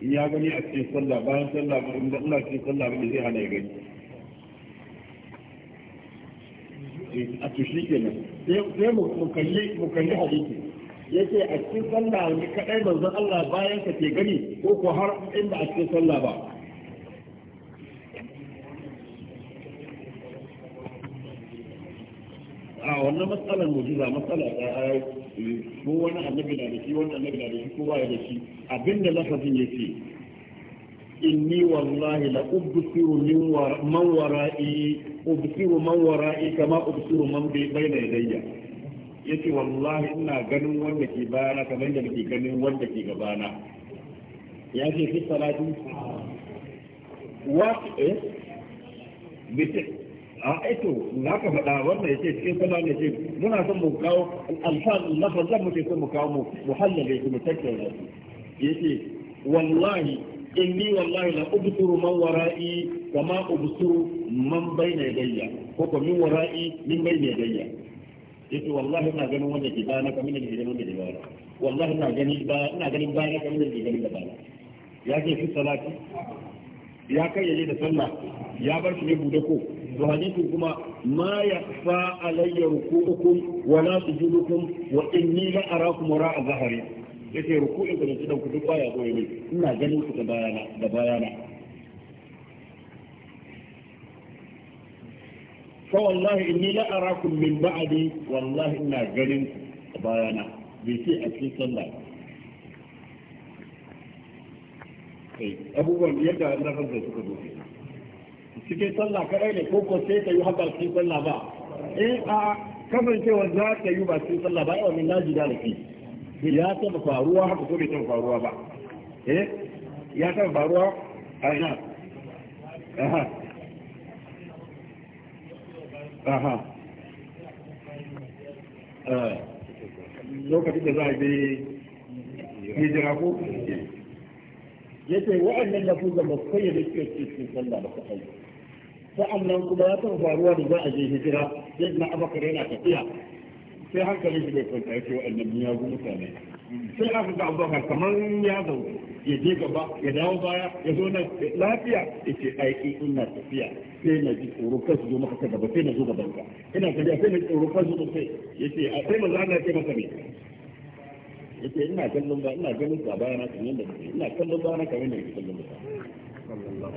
in ya gani a cikin sallah bayan sallah ba inda ina cikin sallah ba zai hana ya gani eh, a to shi nan sai mu kalli mu kalli hadisi yake a cikin sallah ne kadai manzon Allah bayan ka ke gani ko ko har inda a cikin sallah ba wannan matsalar mujiza matsala ta ko wani annabi da shi wani annabi da shi ko baya da shi abinda lafazin yake inni wallahi la ubsiru min man wara'i ubsiru man wara'i kama ubsiru man bayna yadayya yace wallahi ina ganin wanda ke bayana kamar da nake ganin wanda ke gabana ya ce fi salatu wa eh a ah, aito eh, na ka faɗa wannan ya ce cikin kaza ne ce muna son mu kawo alfan lafazan mu ce son mu kawo mu muhallabe mu tattauna ya ce wallahi inni wallahi la ubusuru man wara'i kama ubusuru man bayna yadayya ko ko min wara'i min bayna yadayya yace wallahi ina ganin wanda ke bayana kamar da ke ganin wanda ke bayana wallahi ina ganin ba ina ganin bayana kamar da ke ganin da bayana ya ce fi salati ya kai kayyade da sallah ya bar shi ne bude ko to hadisin kuma ma yaqfa alayya ruku'ukum wa la sujudukum wa inni la arakum wara'a zahari yace ruku'in da kidan ku duk baya goye ne ina ganin ku da bayana da bayana fa wallahi inni la arakum min ba'di wallahi ina ganin ku bayana bai ce a cikin sallah eh, abubuwan yadda na fasa suka zo cikin sallah kadai ne ko ko sai ta yi haka cikin sallah ba eh a kasancewa za ta yi ba cikin sallah ba yawan naji da lafi ya taba faruwa haka ko bai taba faruwa ba eh ya taba faruwa a ina aha aha eh, lokacin da za a bi hijira ko yace wa'annan lafuzan ba su kayyade suke cikin sallah ba su kayyade sa'annan kuma ya san faruwa da za a je hijira sai na abakar yana tafiya sai hankalin shi bai kwanta ya ce wa'annan miyagu mutane sai aka ga abubakar kamar ya zaune ya je gaba ya dawo baya ya zo na lafiya ya ce aiki ina tafiya sai na ji tsoro kan su zo maka ta gaba sai na zo gaban ka ina tafiya sai na ji tsoro kan su zo sai ya ce a sai maza na ce masa ne yace ina kallon ba ina ganin ka bayana kan da kake ina kallon bayana kare yanda kake kallon ba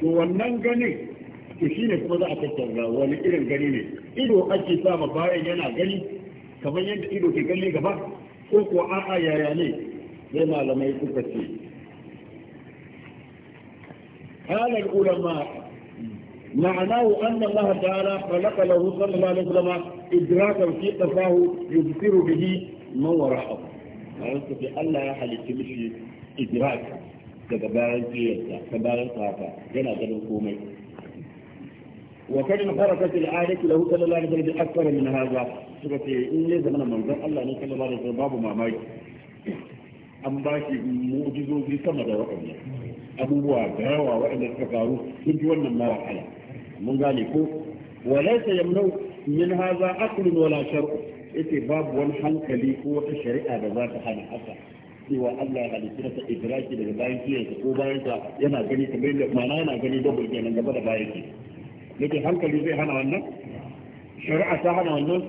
to wannan gani to shine kuma za a tattauna wani irin gani ne ido ake sama bayan yana gani kamar yadda ido ke gani gaba ko ko a'a yaya ne sai malamai suka ce قال العلماء معناه أن الله تعالى خلق له صلى الله عليه وسلم إدراك في قفاه يبصر به ما وراء ما يستطيع ألا يحل يتمشي إدراك كتبارن في يسا كتبارن طافا جنا جنو كومي وكان بركة الآية له صلى الله عليه وسلم أكثر من هذا سورة إني زمن منظر الله عليه صلى الله عليه وسلم باب ما أم باشي موجزو في سمى دوائنا أبوه وعبوه وإن التفاروه كنت وانا ما وحلا من ذلك وليس يمنوك min haza aqlun wala shar'u yace babu wani hankali ko wata shari'a da za ta hana haka cewa Allah ya halitta ta idraki daga bayan kiyansa ko bayan ta yana gani kamar da mana yana gani double kenan gaba da bayan ki yake hankali zai hana wannan shari'a ta hana wannan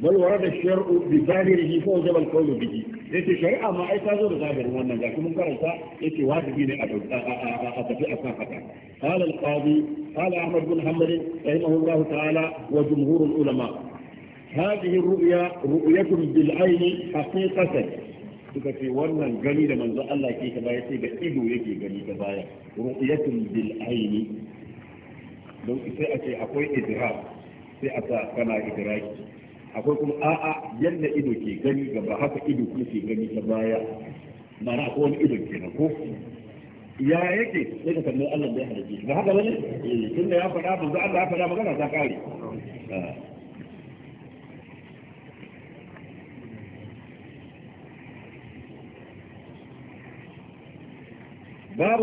bal warada shar'u bi zahirihi fa wajaba al-qawlu bihi yake shari'a ma ai ta zo da zagarin wannan ga kuma karanta yake wajibi ne a tafi a kan haka قال القاضي قال احمد بن محمد رحمه الله تعالى وجمهور العلماء هذه الرؤيا رؤية بالعين حقيقة suka ce wannan gani da manzo Allah ke gaba yace da ido yake gani ta baya ru'yatun bil aini don sai a ce akwai idrak sai a kana idraki akwai kuma a'a yadda ido ke gani gaba haka ido kuma ke gani ta baya ma'ana akwai wani ido kenan ko ya yake sai ka kalli Allah da ya halice ba haka bane eh da ya faɗa za Allah ya faɗa magana ta kare ah.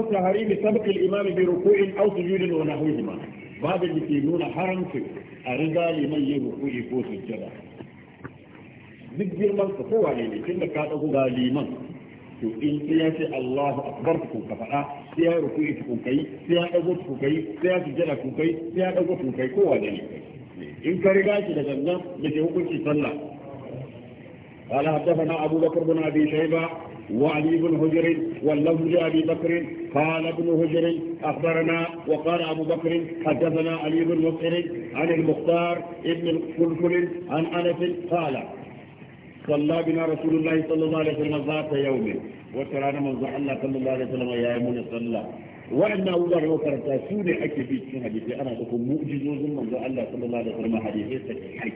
al-imam bi ruku'in aw sujudin wa nahwihima babin da ke nuna haramcin a riga liman yin rukuri ko sujjada duk girman ka kowa ne tun da ka ɗago ga liman to in sai ya ce Allahu akbar ku ka faɗa sai ya rukuri ku kai sai ya ɗago ku kai sai ya sujjada ku kai sai ya ɗago ku kai kowa ne in ka riga shi da gangan da ke hukunci sallah قال حدثنا أبو بكر بن أبي شيبة وعلي بن هجر واللفظ لأبي بكر قال ابن هجر أخبرنا وقال أبو بكر حدثنا علي بن مسعر عن المختار ابن الفلفل عن أنس قال صلى بنا رسول الله صلى الله عليه وسلم ذات يوم وترانا من الله صلى الله عليه وسلم يا يمون صلى وأن أبو ذر وكرتا سوني في حديثي أنا لكم مؤجز من الله صلى الله عليه وسلم حديثي حي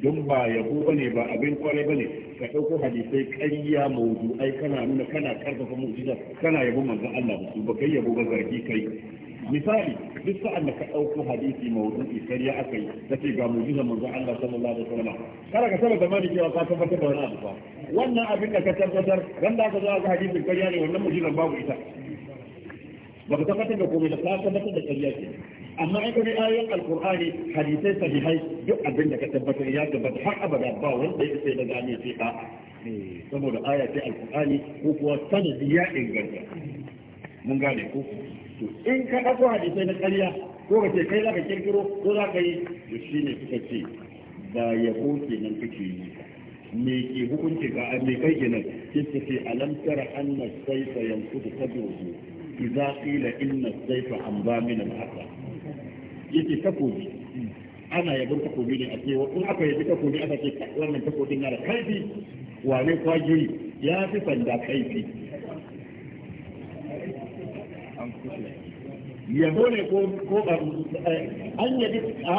don ba yabo bane ba abin kwarai ba ne ka ɗauko hadisai ƙarya ai kana nuna kana ƙarfafa mu'jiza kana yabo manzon Allah ba su ba kai yabo ba zargi kai misali duk sa'an da ka ɗauko hadisi mawdu'i ƙarya akai kace ga mu'jiza manzon Allah sallallahu alaihi wasallam kada ka da mani cewa ka tabbatar da wani abu ba wannan abin da ka tabbatar ran da aka zo ga hadisin ƙarya ne wannan mu'jizan babu ita مبتقاتي نقوم إلى فلاسة مثل الأرياج أما عندنا آية القرآن حديثين صحيحي يؤد لك تبت إياك بتحق أبدا باول بيك سيدة داني فيها آه. ثم الآية في القرآن هو سنة دياء إنجازة من قال لك إن كتبوا حديثين الأرياج كورة كيلا بتنكرو كورا كي يشيني فكتي با يقول في ننفكي ميكي هو انتقاء ميكي جنال كيف في ألم ترى أن السيف ينفذ تبعه idza qila inna sayfa amba min al-asa yake takobi ana yabon takobi ne a cewa, wa in aka yabi takobi aka ce wannan takobin na da kaifi wane kwajiri ya fi sanda kaifi yabo ne ko ko an yabi a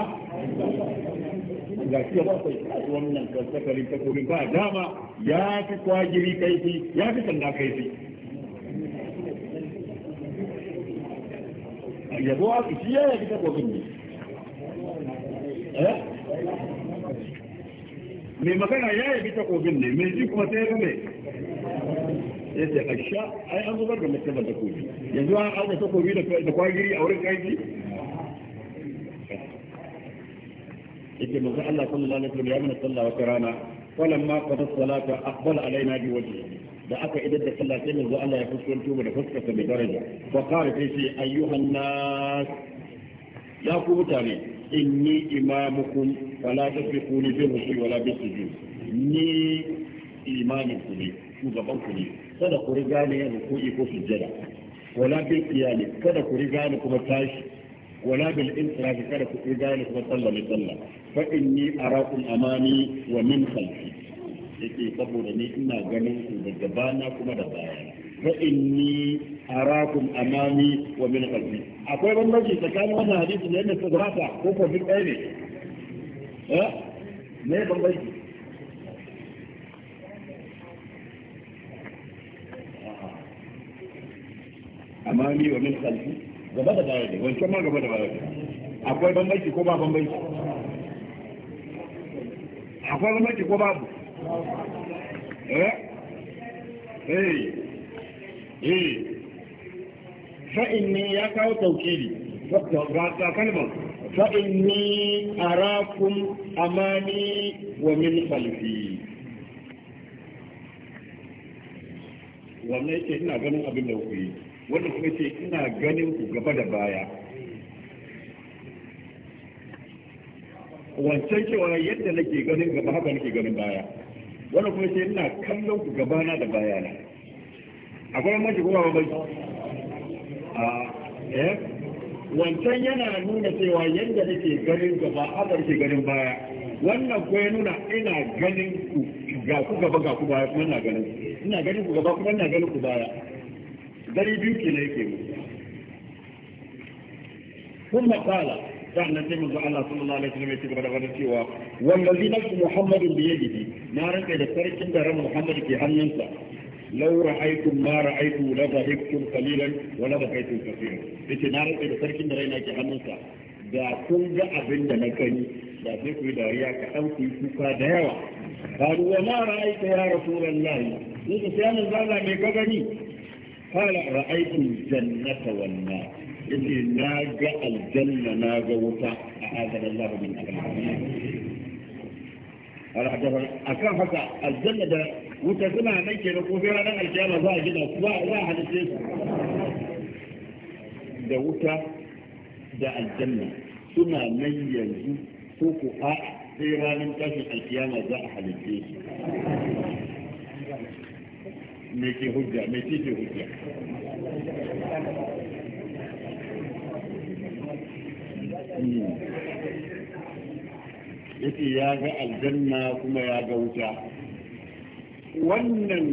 ga shi ba kai wannan kan sakalin takobin ba dama ya fi kwajiri kaifi ya fi sanda kaifi yabo a shi ya yi ta kogin ne eh mai magana ya ta kogin ne mai ji kuma sai rume ya ce a sha ai an zubar da mutum da takobi yanzu an aza takobi da kwagiri a wurin aiki yake manzo Allah sallallahu alaihi wasallam ya mana sallah wata rana ma qada salata aqbala alaina bi wajhihi da aka idar da sallah sai manzo Allah ya fuskanto mu da fuskarsa mai daraja fa qala sai shi ayyuhan nas ya ku mutane inni imamukum fala tasbiquni bi rusul wala bi sujud ni imamin ku ne shugaban ku ne kada ku riga ne ruku'i ko sujjada wala bil qiyam kada ku riga ne kuma tashi kada ku riga ولا بالانصراف كذا كذلك وصلى لصلى فاني اراكم wa min خلفي yake saboda ni ina ganin su da gabana kuma da baya fa inni arakum amami wa min qalbi akwai bambanci tsakanin wannan hadisi ne na sadrata ko ko duk ɗaya ne eh me bambanci amami wa min qalbi gaba da baya ne wancan ma gaba da baya ne akwai bambanci ko ba bambanci akwai bambanci ko babu eh eh eh فإني يكاو توكيدي فكلمة فإني أراكم wa min خلفي wannan yake ina ganin abin da kuke wannan kuma ce ina ganin ku gaba da baya wancan cewa yadda nake ganin gaba haka nake ganin baya wannan kuma sai ina kallon ku gabana da bayana akwai mace kuma ba bai a eh wancan yana nuna cewa yadda nake ganin gaba haka nake ganin baya wannan ko ya nuna ina ganin ku ga ku gaba ga ku baya kuma ina ganin ina ganin ku gaba kuma ina ganin ku baya gari biyu ke na yake mu kun makala sa'an nan sai manzo Allah sallallahu alaihi wasallam ya ci gaba da cewa wallazi nafsu muhammadin bi yadihi na rage da sarkin da ran Muhammad ke hannunsa law ra'aytum ma ra'aytu la dhahiktum qalilan wa la bakaytum kaseeran yace na rage da sarkin da raina ke hannunsa da kun ga abin da na gani da sai ku dariya ka dan ku yi kuka da yawa qalu wa ma ra'ayta ya rasulullah ni da sai nan zalla me ka gani qala ra'aytu jannata wan nar yace na ga aljanna na ga wuta a azan Allah al Allah قال حدثنا أكان حتى الجنة ده وتسمع منك نقول فيها أنا الكيامة ذا جدا واحد الشيخ da wuta da aljanna suna nan yanzu ko ku a sai ranar tashin alkiyama za a halitte su me ke hujja me ke ke hujja Mm. yake ya ga aljanna kuma ya ga wuta wannan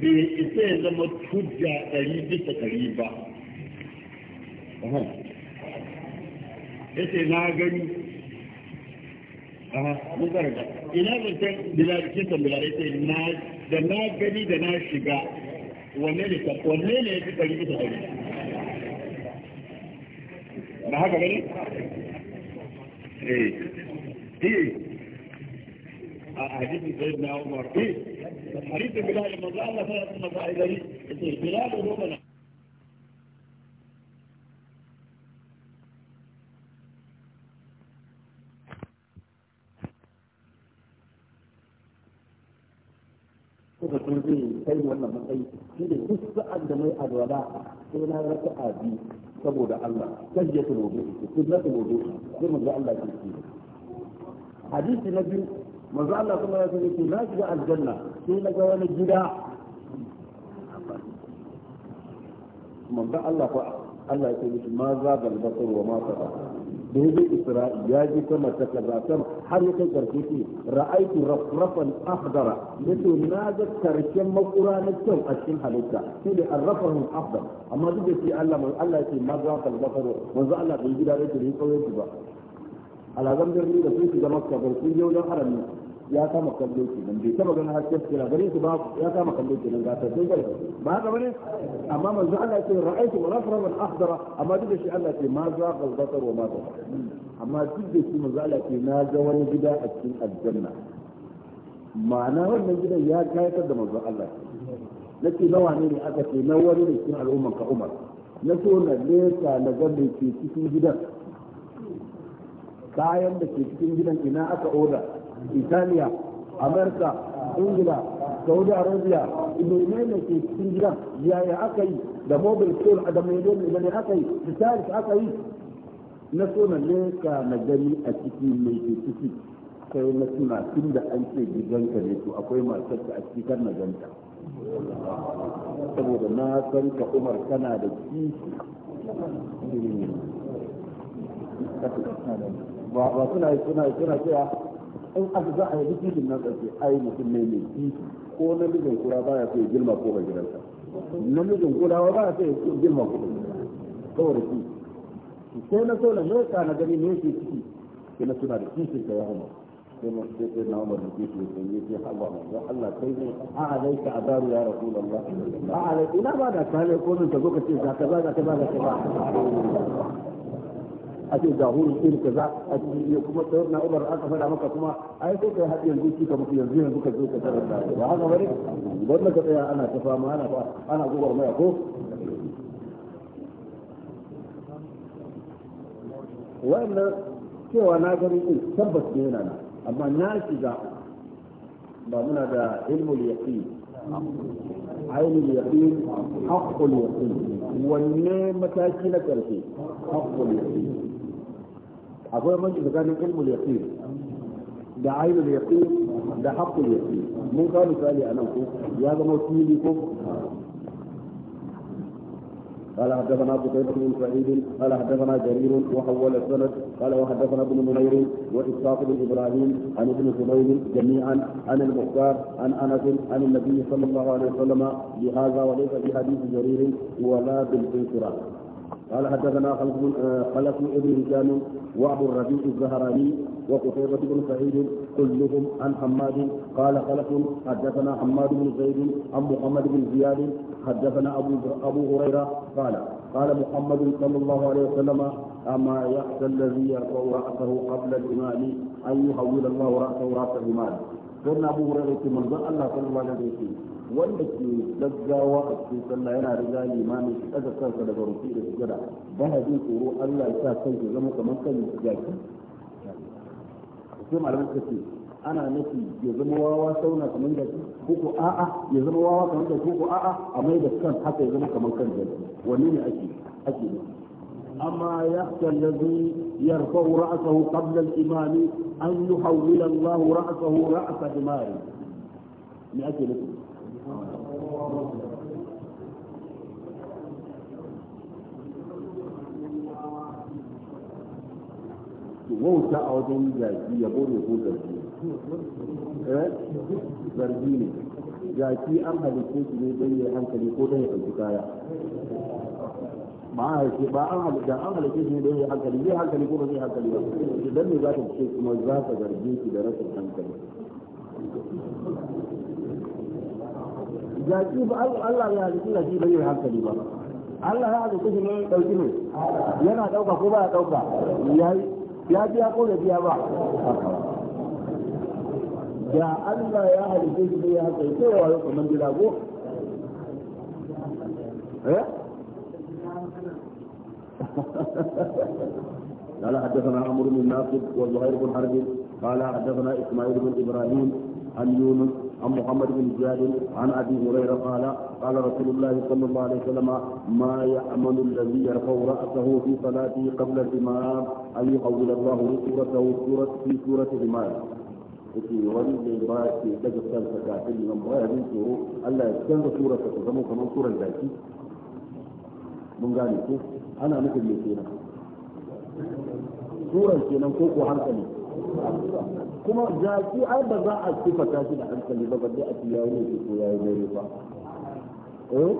bai isa ya zama tujja ɗari bisa ɗari ba yace na gani mun zarga ina zancen bilarikin da bilarikin na da na gani da na shiga wanne ne ya fi ɗari bisa ɗari ba haka gani? ايه حديث سيدنا عمر ايه حديث بلال لما قال الله فلا تنظر اليه بلال وهو suka sun zai kai wannan matsayi shi da duk sa'ad da mai alwala sai na raka abi saboda Allah kan ya tuno da shi kun na tuno da shi sai mun ga Allah ke ci hadisi na biyu manzo Allah kuma ya sani na shiga aljanna sai na ga wani gida manzo Allah fa, Allah ya sani ma za bal basar wa ma fata da ya zai isra'i ya ji kama ta kaza sama har ya kai karshe ce ra'aitu rafrafan ahdara yace na ga karshen makura na kyau a cikin halitta shi ne arrafahum ahdar amma duk da shi Allah Allah ya ce ma za bal basar manzo Allah bai gida da ke ne kauyen ba Alazan birni da sun shiga makka bai sun yau don harami ya kama kallo kenan bai taba ganin hasken kira gare su ba ya kama kallo kenan ga ta sun gare ba haka bane amma manzo Allah ya ce ra'aytu rafran wal ahdara amma duk da shi Allah ce ma za gal basar wa ma amma duk da shi manzo Allah ce na ga wani gida a cikin aljanna ma'ana wannan gidan ya kayatar da manzo Allah nake nawa ne ne aka ce na wani ne cikin al'umman ka Umar na so na lesa na ga ke cikin gidan kayan da ke cikin gidan ina aka oda italiya amerika ingila saudi arabia ina ne ke cikin gidan yaya aka yi da mobile phone da mai ne aka yi da tarif aka yi na so na leka na gani a ciki mai ke ciki sai na suna tun da an ce ka ne to akwai matar a cikin na ganta saboda na san ka umar kana da kishi hmm. ba ba suna suna suna cewa in aka za a yi titin nan a yi mutum ne mai titi ko namijin kura ba ya sai girma ko bai gidansa namijin kura ba ya sai girma ko bai gidansa saboda shi sai na so na ne ka na gani ne yake ciki sai na suna da titin ka ya hama sai na sai sai na umar da titin ya sanye sai Allah manzo Allah kai ne a alaika azaru ya rasulullah a alaika ina ba da kale ko ta zo ka ce za ka za ka za ka ba. a ce ga hurin irin kaza a ce kuma sayar na umar aka faɗa maka kuma ai ko kai haɗin yanzu kika mutu yanzu yanzu ka zo ka tarar da ba haka bane wanda ka tsaya ana ta fama ana ba ana gobar maya ko wannan cewa na gani in tabbas ne yana nan amma na shiga ba muna da ilmul yaqin ainul yaqin haqqul yaqin wanne mataki na karshe haqqul yaqin akwai manci tsakanin ilmul علم اليقين ده عين اليقين ده حق اليقين من قال سؤالي انا ko ya zama fili قال حدثنا طيب بن سعيد قال حدثنا جرير وحول السند قال وحدثنا ابن منير واسحاق بن ابراهيم عن ابن سليم جميعا عن المختار عن انس عن النبي صلى الله عليه وسلم بهذا وليس بحديث جرير ولا بالانصراف قال حدثنا خلف آه، خلف بن هشام وابو الربيع الزهراني وقتيبة بن سعيد كلهم عن حماد قال خلف حدثنا حماد بن زيد عن محمد بن زياد حدثنا ابو ابو هريره قال قال محمد صلى الله عليه وسلم اما يخشى الذي يرفع راسه قبل الامام ان يهول الله راسه راس الامام قلنا ابو هريره من الله صلى الله عليه وسلم wanda ke gaggawa a cikin sallah yana riga limamin shi daga kansa daga rufi da sujada ba ya jin tsoro Allah ya sa kai ke zama kamar kan jaki sai malamin ka ce ana nufi ya zama wawa sauna kamar da koko a'a ya zama wawa kamar da koko a'a a mai da kan haka ya zama kamar kan jaki wanne ne ake ake nufi أما يخشى الذي يرفع رأسه قبل الإمام أن يحول الله رأسه رأس حمار لأجل wauta a wajen jaki ya ne ko zargi eh, zargi ne jaki an halitta shi ne don yi hankali ko don ya ɗauki kaya ba a ba an halitta an halitta ne don yi hankali hankali ko ba zai hankali ba ne za ta ce kuma za ta zarge shi da rashin hankali jaki ba Allah ya halitta jaki bai hankali ba Allah ya halitta shi ne dauki ne yana dauka ko ba ya dauka ya ji ya kore biya ba ya Allah ya halitta shi ya hankali ko ya wayo kaman gida ko eh قال حدثنا عمرو بن ناصر وزهير بن حرب قال حدثنا اسماعيل بن ابراهيم عن يونس عن محمد بن زياد عن ابي هريره قال قال رسول الله صلى الله عليه وسلم ما يامن الذي يرفع راسه في صلاته قبل الامام ان يحول الله سورته في سوره الامام وفي يوم من بعد في بدء الصلاة كافر من غير منه ألا يستند سورة تسمو كمن سورة ذاتي من قال أنا مثل يسينا سورة يسينا كوكو حركة kuma jaki ai ba za a sifata shi da hankali ba balle a ci ya yi ko ya yi dare ba eh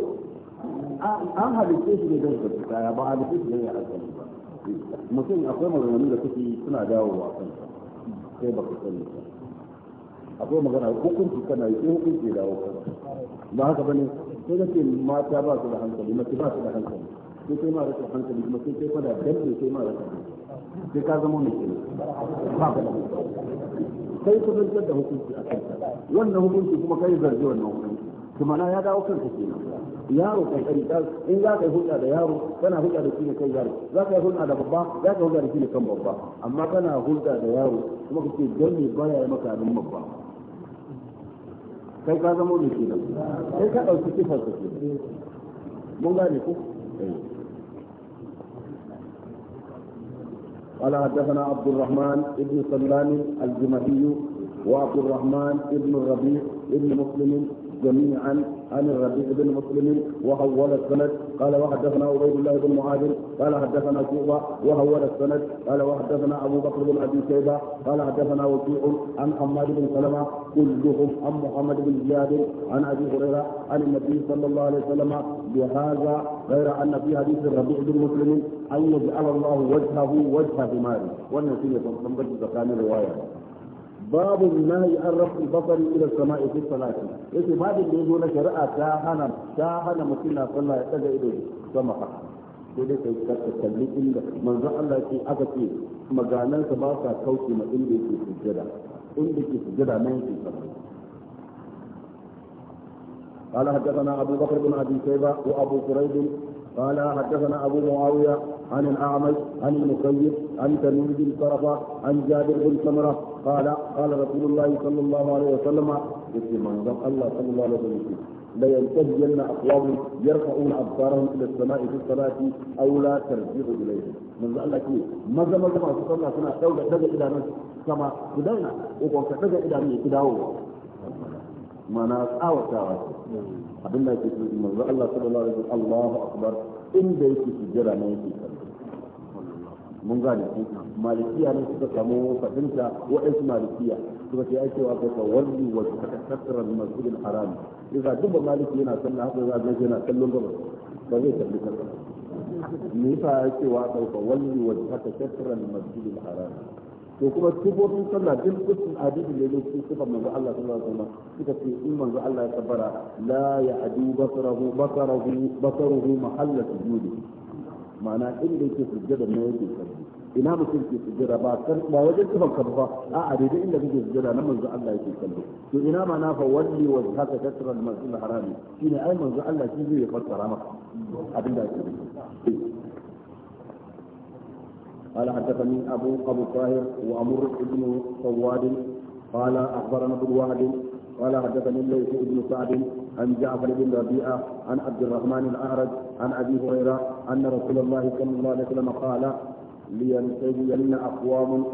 an halitta shi ne don ka kaya ba halitta shi ne ya hankali ba mutum akwai maganganu da kuke suna dawowa kan sai ba ka sani ba akwai magana hukunci kana yi sai hukunci dawo kan ba haka bane sai ke mata ba su da hankali mace ba su da hankali sai kai ma rasa hankali kuma sai kai fada dan sai ma rasa hankali sai ka zama mai kiri ba ba kai ku zartar da hukunci a kai wannan hukunci kuma kai zargi wannan hukunci kuma na ya dawo kan kanka kenan yaro kankani in za ka yi hulɗa da yaro kana hulɗa da shi ne kan yaro za ka yi hulɗa da babba za ka hulɗa da shi ne kan babba amma kana hulɗa da yaro kuma ka ce don me baya yi maka abin babba kai ka zama mai kenan kai ka ɗauki kifar ka kenan mun gane ku قال حدثنا عبد الرحمن بن سلام الجمهي وعبد الرحمن بن الربيع بن مسلم جميعا عن الربيع بن مسلم وهول السند قال وحدثنا عبيد الله بن معاذ قال حدثنا شعبة وهول السند قال وحدثنا أبو بكر بن أبي شيبة قال حدثنا وكيع عن حماد بن سلمة كلهم عن محمد بن زياد عن أبي هريرة عن النبي صلى الله عليه وسلم بهذا غير أن في حديث الربيع بن مسلم أن يجعل الله وجهه وجه ثماره والنسية تنبت زكاة رواية باب النهي عن رفع البصر الى السماء في الصلاه يجي بعد اللي يقول لك راى تاهنا تاهنا مسلم صلى يتجه اليه ثم فقط sai dai من ka kalli inda manzo Allah ce aka ce maganansa ba sa kauce ma inda yake sujjada inda yake sujjada nan yake sallah قال حدثنا أبو بكر بن أبي شيبة وأبو كريب قال حدثنا أبو معاوية عن الأعمش عن المسيب عن تلميذ الطرفة عن جابر بن سمرة قال قال رسول الله صلى الله عليه وسلم يسمى الله صلى الله عليه وسلم لينتهين اقوام يرفعون ابصارهم الى السماء في الصلاه او لا ترجعوا اليهم من قال لك ماذا ماذا ما صلى عليه وسلم تدعو الى من سما بدانا وكون تدعو الى من كداو ما انا اوتاوا abin da yake الله صلى الله عليه وسلم الله اكبر ان yake sujjada ne yake mun gane malikiya ne suka samu fadinta waɗansu malikiya suka ce aikewa ko ka wani wa suka tattara masjidin haram idan duba maliki yana sallah haka za ga yana kallon gaba ba zai kalli sallah me yasa aikewa ko ka wani wa suka tattara masjidin haram to kuma sifofin sallah duk kusin hadisi ne ne su sifar manzo Allah sallallahu alaihi wasallam suka ce in manzo Allah ya tabbara la ya adu basarahu basarahu basaruhu mahalla sujudi ma'ana inda yake sujjada na yake karfi ina mutum ke sujjada ba kan ba wajen kifan ka ba a a daidai inda kake sujjada nan manzo Allah yake kallo to ina ma na fa walli wa haka katra al masjid harami shine ai manzo Allah shi zai fassara maka abinda ake قال حدثني ابو ابو طاهر وامر بن سواد قال اخبرنا ابو وهب قال حدثني الليث بن سعد عن جعفر بن ربيعة عن عبد الرحمن الأعرج عن أبي هريرة أن رسول الله صلى الله عليه وسلم قال لينتهين أقوام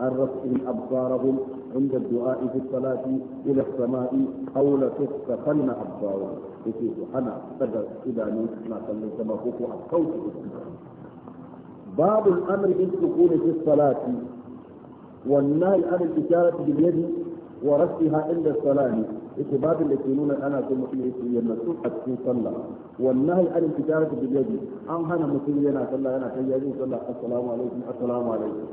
عن أبصارهم عند الدعاء في الصلاة إلى السماء أو لتخسفن أبصارهم يقول أنا بدل إذا ما صليت مخوف الصوت باب الأمر بالسكون في الصلاة والنهي عن الإشارة باليد ورفعها عند الصلاة اللي يقولون انا كل مسلم في المسوح في صلى والنهي عن التجاره باليد ام انا مسلم انا صلى انا في يد صلى السلام عليكم السلام عليكم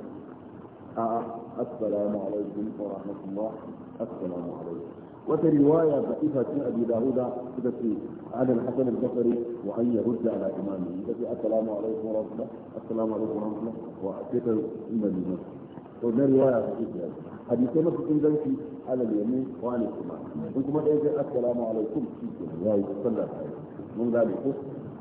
آه، آه. السلام عليكم ورحمه الله السلام عليكم وفي رواية ضعيفة من أبي داوود تأتي على الحسن البصري وأن يرد على إمامه تأتي السلام عليكم ورحمة الله السلام عليكم ورحمة الله وأعطيك إمامه ومن رواية ضعيفة حديثنا في كل ذلك على اليمين وعلى الشمال إن السلام عليكم يا صلى من ذلك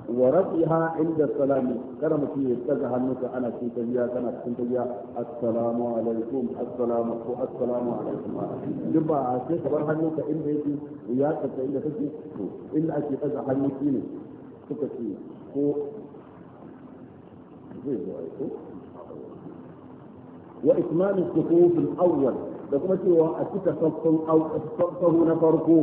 ورفعها عند السلام كرم في كذا النساء انا في تجيا انا في تجيا السلام عليكم السلام السلام عليكم جبا عشان كبر هنك ان بيتي وياك كتا ان تجي ان اكي كذا هنك ني تكتي كو وإتمام الصفوف الأول da kuma cewa a cika sassau na farko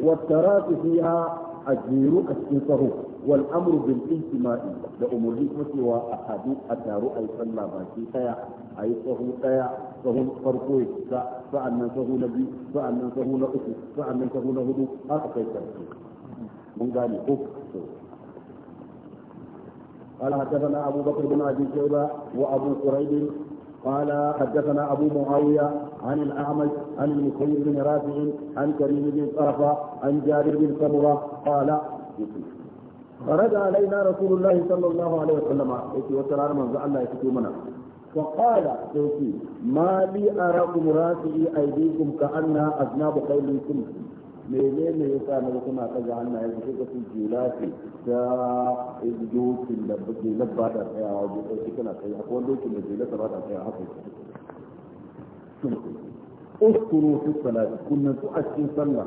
والتراك فيها الجير السفه والأمر بالانتماء لأمره وسوى أحد أتار أي صلى باكي تيا أي صهو تيا صهو فرقوي فأنا صهو نبي فأنا صهو نقصي فأنا صهو نهدو أعطي تركي من قال قال حدثنا أبو بكر بن أبي شيبة وأبو قريب قال حدثنا أبو معاوية عن الأعمش عن المسيب بن رافع عن كريم بن طرفة عن جابر بن سمرة قال خرج علينا رسول الله صلى الله عليه وسلم يتي وترانا من الله يكتمنا فقال ما لي أراكم راسي أيديكم كأنها أذناب خيل كنتم menene ya sa na suna ga hannaye su suka fi jula ce ta dokin da jelar ba ta tsayawa jula ce tana tsaye akwai dokin da jelar ba ta tsayawa haka اذكروا في الصلاة كنا تؤسي صلى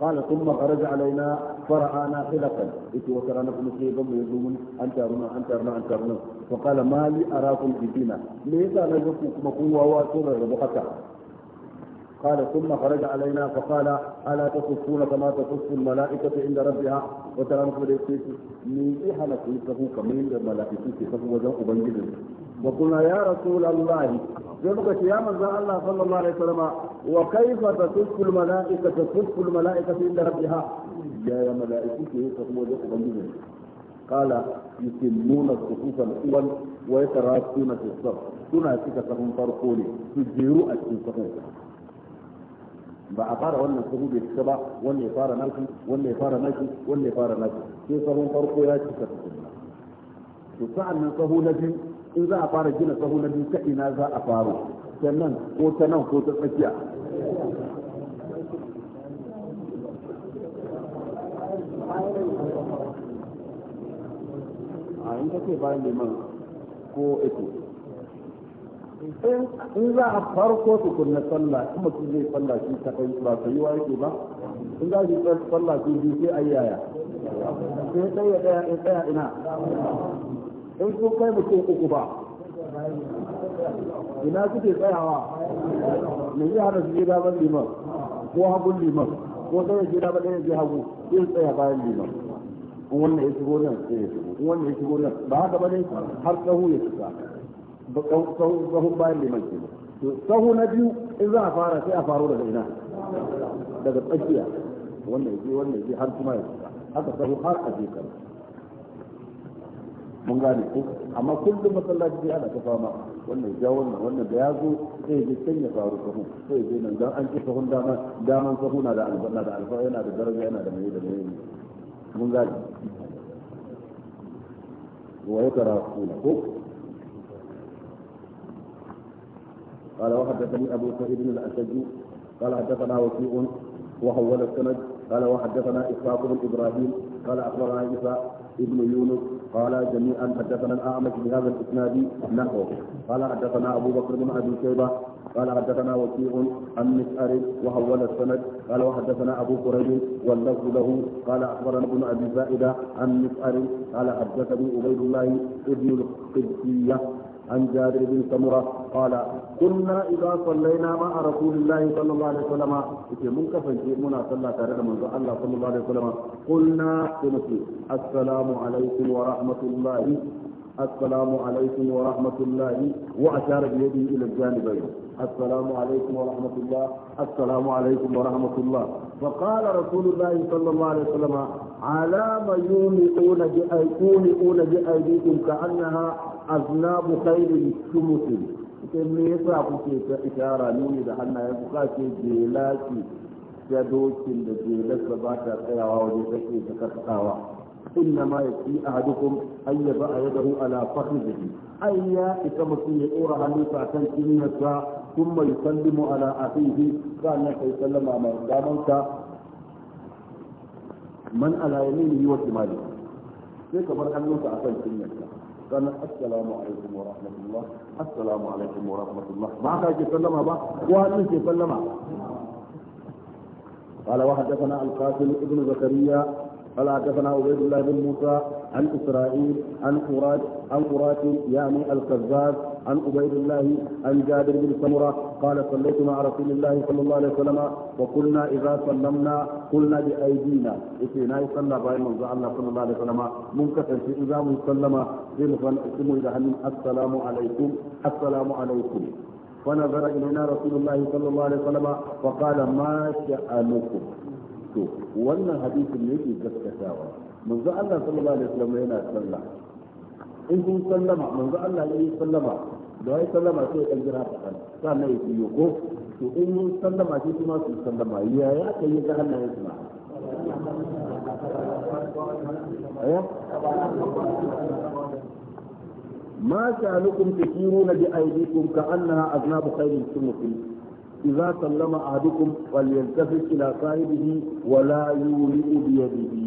قال ثم خرج علينا فرعانا خلقا إتي وترانكم سيبا ويزومون أنت أرنا أنت أرنا أنت أرنا فقال ما لي أراكم في دينا ليس أنا لكم قوة واتوبة ربحتها قال ثم خرج علينا فقال ألا تصفون كما تصف الملائكة عند ربها وترى نقول من إحنا كيفه كمين الملائكة كيفه وزن أبنجد وقلنا يا رسول الله يبقى يا من الله صلى الله عليه وسلم وكيف تصف الملائكة تصف الملائكة عند ربها يا ملائكة كيفه وزن أبنجد قال يتمون الصفوف الاول ويتراسون في الصف suna cika sahun farko ne su jeru a cikin sahun ba a fara wannan sahu bai cika ba wanda ya fara naki wanda ya fara naki wanda ya fara naki sai sahun farko ya cika tukunna to sa'an nan sahu na biyu in za a fara gina sahu na biyu ta ina za a faro sannan ko ta nan ko ta tsakiya a yi ka ce bayan neman ko eto in za a farko tukunna sallah in mutum zai sallah shi kai ba yi yake ba in za su sallah shi biyu sai ayyaya sai tsaya in tsaya ina in sun kai mutum uku ba ina suke tsayawa me zai hana su gida liman ko hagun liman ko tsaye gida gaban ɗaya zai hagu in tsaya bayan liman in wannan ya shigo nan sai ya shigo in wannan ya shigo nan ba haka ba ne har tsawo ya shiga sahun bayan liman ke to sahu na biyu in za a fara sai a faro daga ina daga tsakiya wannan yake wannan yake har kuma ya haka sahu har a jikar mun gane ko amma kullum masallaci dai ana ta fama wannan ja wannan wannan da ya zo sai ya san ya faru sahu sai ya nan dan an ci sahun dama daman sahu na da albarna da albarna yana da daraja yana da mai da mai mun gane wa yakara ko قال وحدثني ابو سعيد الاشج قال حدثنا وكيع وهو السند قال وحدثنا اسحاق بن ابراهيم قال اخبرنا عيسى ابن يونس قال جميعا حدثنا الاعمش بهذا الاسناد نحوه قال حدثنا ابو بكر بن ابي شيبه قال حدثنا وكيع عن مسعر وهو السند قال وحدثنا ابو قريب واللفظ له قال اخبرنا ابن ابي زائده عن مسعر قال حدثني عبيد الله ابن القبطيه عن جابر بن سمرة قال كنا إذا صلينا مع رسول الله صلى الله عليه وسلم في منكفا منا صلى تارد من الله صلى الله عليه وسلم قلنا سنتي السلام عليكم ورحمة الله السلام عليكم ورحمة الله وأشار بيده إلى الجانبين السلام عليكم ورحمة الله السلام عليكم ورحمة الله فقال رسول الله صلى الله عليه وسلم على ما يومئون بأيديكم كأنها aznabu khairul sumutin sai me yasa kuke ta ishara nuni da hannaye ku kace jelaki da dokin da jelarsa ba ta tsayawa waje take ta kasawa inna ma yati ahadukum ayyaba yaba ala fakhidhi ayya ya ita mutum ya dora hannu ta kan kinnarsa kuma yusallimu ala akhihi kana kai sallama ma gamanka man ala yaminihi wa shimali sai ka bar hannunka akan kinnarsa قال السلام عليكم ورحمة الله السلام عليكم ورحمة الله ما كان يتكلمها بقى وهل يتكلمها قال وحدثنا القاسم ابن زكريا قال حدثنا عبيد الله بن موسى عن اسرائيل عن قرات عن قرات يعني القزاز عن عبيد الله عن جابر بن سمره قال صليت مع رسول الله صلى الله عليه وسلم وقلنا اذا سلمنا قلنا بايدينا اتينا يصلى بين من صلى الله عليه وسلم منكسر في اذا مسلم في اذا السلام عليكم السلام عليكم فنظر الينا رسول الله صلى الله عليه وسلم وقال ما شانكم to wannan hadisin ne yake gaskatawa manzo Allah sallallahu alaihi wasallam yana sallah in kun sallama manzo Allah ya yi sallama da ya sallama sai ya jira kaɗan sannan ya yi ko to in mun sallama shi kuma su sallama ya ya kai ya ga Allah ya tsama ما شأنكم تسيرون بأيديكم كأنها أذناب خير سنة إذا سلم أحدكم فليلتفت إلى صاحبه ولا يولئ بيده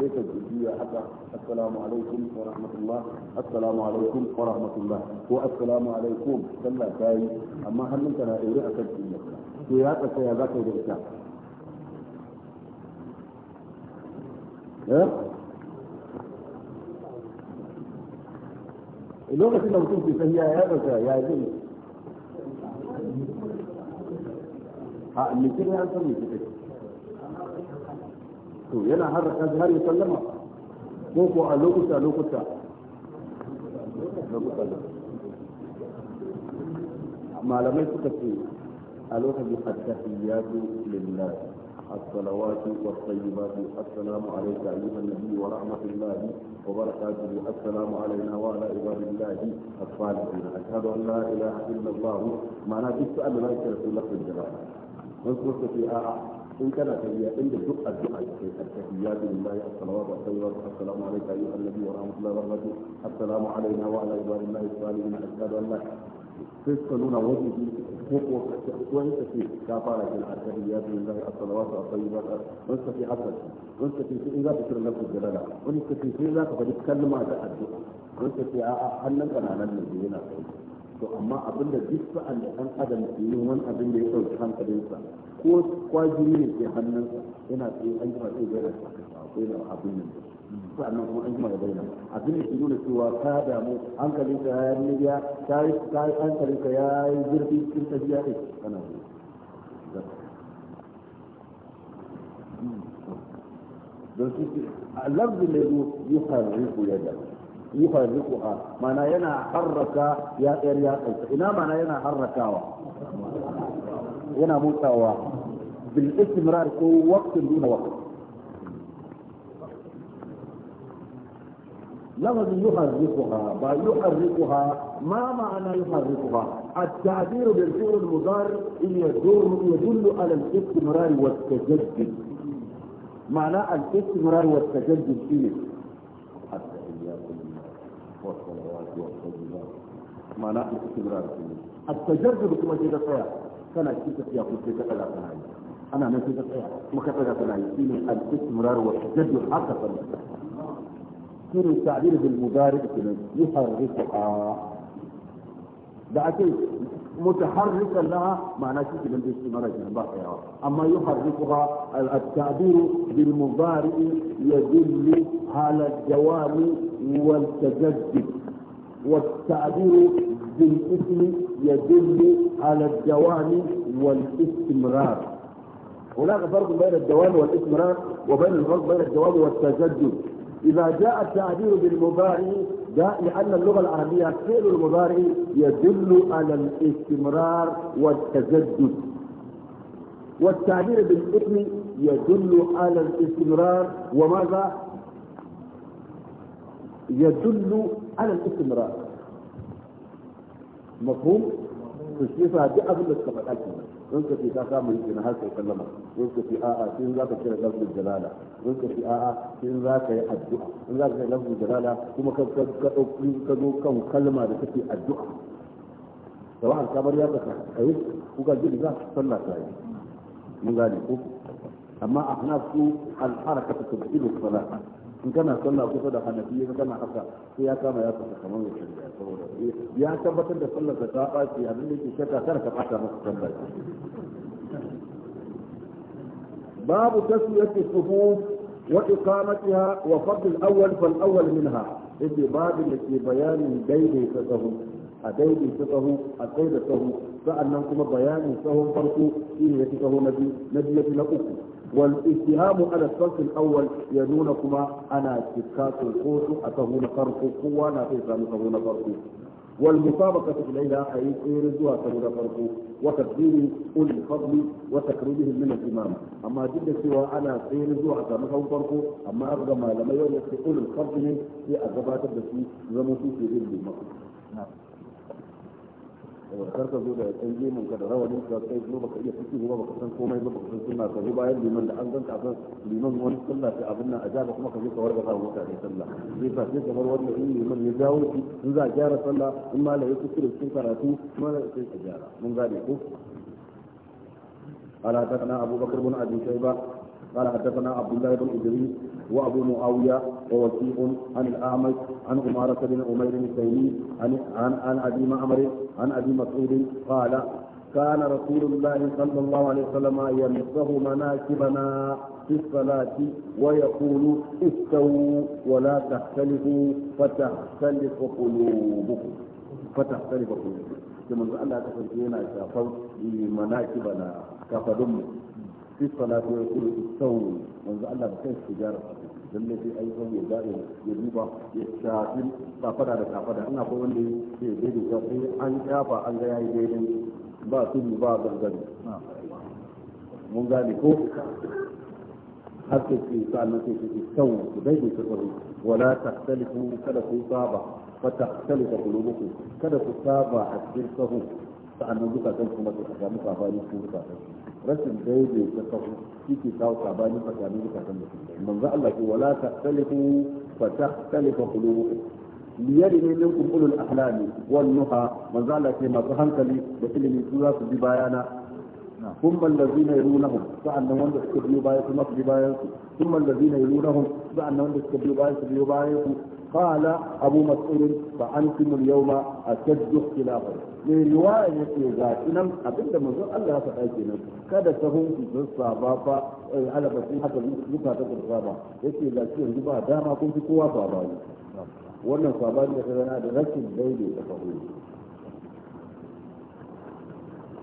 ليس الجزية حتى السلام عليكم ورحمة الله السلام عليكم ورحمة الله والسلام عليكم سلا كاي أما هل أنت لا إلى أكد إلا في هذا الشيء إلى الإنسان لغة لو كنت فهي هذا يا زين a me kira an san me kika to yana har ka har ya sallama ko ko a lokuta lokuta malamai suka ce a lokacin attahiyatu lillah الصلوات والطيبات السلام عليك ايها النبي ورحمه الله وبركاته السلام علينا وعلى عباد الله الصالحين اشهد ان لا اله الا الله معناه بالسؤال لا يشرك لك الجلال wasu suka ce a'a in kana tafiya inda duk addu'a da kai at-tahiyya lillahi as-salawatu wa tayyibatu assalamu alayka ayyuha an-nabiy wa rahmatullahi wa barakatuh assalamu alayna wa ala ibadillahi as-salihin ashhadu an la sai suka nuna wasu ko ko wani ka ce ka fara kin at-tahiyya lillahi as-salawatu wa tayyibatu wani ka ce haka wani ka ce in za ka kira lafzul jalala wani ka ce sai za ka faɗi kalma ta addu'a wani ka ce a'a hannun kananan ne yana kai to amma abin da duk sa'an da ɗan adam ke yi wani abin da ya ɗauki hankalinsa ko kwajiri ne ke hannunsa yana tsaye an jima zai gaira akwai da abin nan sa'annan kuma an jima da bayyana abin da ke nuna cewa ka damu hankalinka ya yi miliya ta yi hankalinka ya yi zurfi cikin tafiya ɗin kana hmm. don su lafzin da yi harriku ya damu يفرقها ما لا ينا حركة يا إير يا إير إنا ما لا ينا حركة ينا متوا بالاستمرار وقت دون وقت لفظ يحركها با يحركها ما معنى يحركها التعبير بالفعل المضار ان يدور يدل على الاستمرار والتجدد معنى الاستمرار والتجدد فيه معنى الاستمرار التجرد كما جدا صيا كان كيف يقول في تقلع تنعي أنا ما في الاستمرار والتجرد حقا كل تعبير بالمضارع كنا يحرقها متحركا لها معنى شيء من الاستمرار من أما يحركها التعبير بالمضارع يدل على الجواب والتجدد والتعبير بالاسم يدل على الدوام والاستمرار هناك فرق بين الدوام والاستمرار وبين الفرق بين الدوام والتجدد إذا جاء التعبير بالمضارع جاء لأن اللغة العربية فعل المضارع يدل على الاستمرار والتجدد والتعبير بالاسم يدل على الاستمرار وماذا؟ يدل على الاستمرار mafhum to shi yasa duk abin da suka faɗa ke in ka ce ka samu yake na har sai sallama in ka ce a'a sai in za ka kira lafzul jalala in ka ce a'a sai in za ka yi addu'a in za ka kira lafzul jalala kuma ka ka ka ka zo kan kalma da take addu'a da wahal kamar ya ka kai ku ka ji da sallah ta yi mun gane ko amma ahnaf su al harakatu tubilu salat in kana sallah kusa da hanafi ya kana haka sai ya kama ya fita kamar ya shirya saboda ya tabbatar da sallar da ta ɓaci abin da yake shakka kar ka ɓata masa sallar babu taswiyatu suhu wa iqamatiha wa fadl al-awwal fal awwal minha yake babu da ke bayanin ta sahu a daidai ta sahu a tsaida sahu sa'annan kuma bayanin sahun farko shine ya fi sahu na biyu na biyu na uku والاتهام على الصف الاول يدونكما انا سكات القوس اتهون فرق قوة لا تهزم تهون فرق والمسابقة في الليلة أي إيرزوا سبب فرق وتقديم أولي الفضل وتقريبهم من الإمام أما جد سوى أنا إيرزوا سبب فرق أما ما لم يوم في أولي الفضل في أجابات الدسي زموتي في إذن المقصود kar ka zo da yan gemun ka da rawanin ka kai zo baka iya fiki ba baka san komai ba baka san sunna ka zo bayan liman da an ganka san liman wani sallah ta abin nan a jaba kuma ka je ka warga ka mutane sallah zai sa sai kamar wanda in liman ya jawo shi in za a gyara sallah in malai ya kuskure cikin karatu malai sai ka gyara mun gane ko قال حدثنا ابو بكر بن ابي شيبه قال حدثنا عبد الله بن ادريس وابو معاويه ووكيع عن الاعمش عن عماره بن عمير التيمي عن عن عن ابي معمر عن ابي مسعود قال كان رسول الله صلى الله عليه وسلم يمسه مناكبنا في الصلاة ويقول استووا ولا تختلفوا فتختلف قلوبكم فتختلف قلوبكم كما الله تفكرنا شافوا مناكبنا كفدم في الصلاة ويقول استووا منذ الله بكيف تجارة lalle sai an san ya gane ya duba ya shafi kafada da kafada ina ko wanda ke daidai ta sai an kafa an ga yayi daidai ba tudu ba gangare mun gane ko har ke ce sa'annan sai ke kyau daidai ta tsaro wala taktalifu kada ku saba fa taktalifa qulubukum kada ku saba a cikin sahu sa'annan zukatan kuma su ga muka fani su zukatan rashin dai bai ta kafu kike kawo sabani tsakanin zukatan da kuma manzo Allah ko wala ta talifu fa ta talifu qulubu liyari ne min qulul ahlami wan nuha manzo Allah ke masu hankali da ilimi su za su bi bayana kun ballazina yarunahum fa nan wanda suka biyo bayan su ma bi bayan su kun ballazina yarunahum fa nan wanda suka biyo bayan su biyo bayan su قال ابو مسعود فانتم اليوم اشد اختلافا لرواية ذاتنا عبد المنصور الله سبحانه كذا سهم في قصة بابا إيه، على بسيطة حتى نقطة الغابة يكي إذا كي نجيبها داما كنت قوة بابا وانا صابا يخذنا لغش الليل يتفضل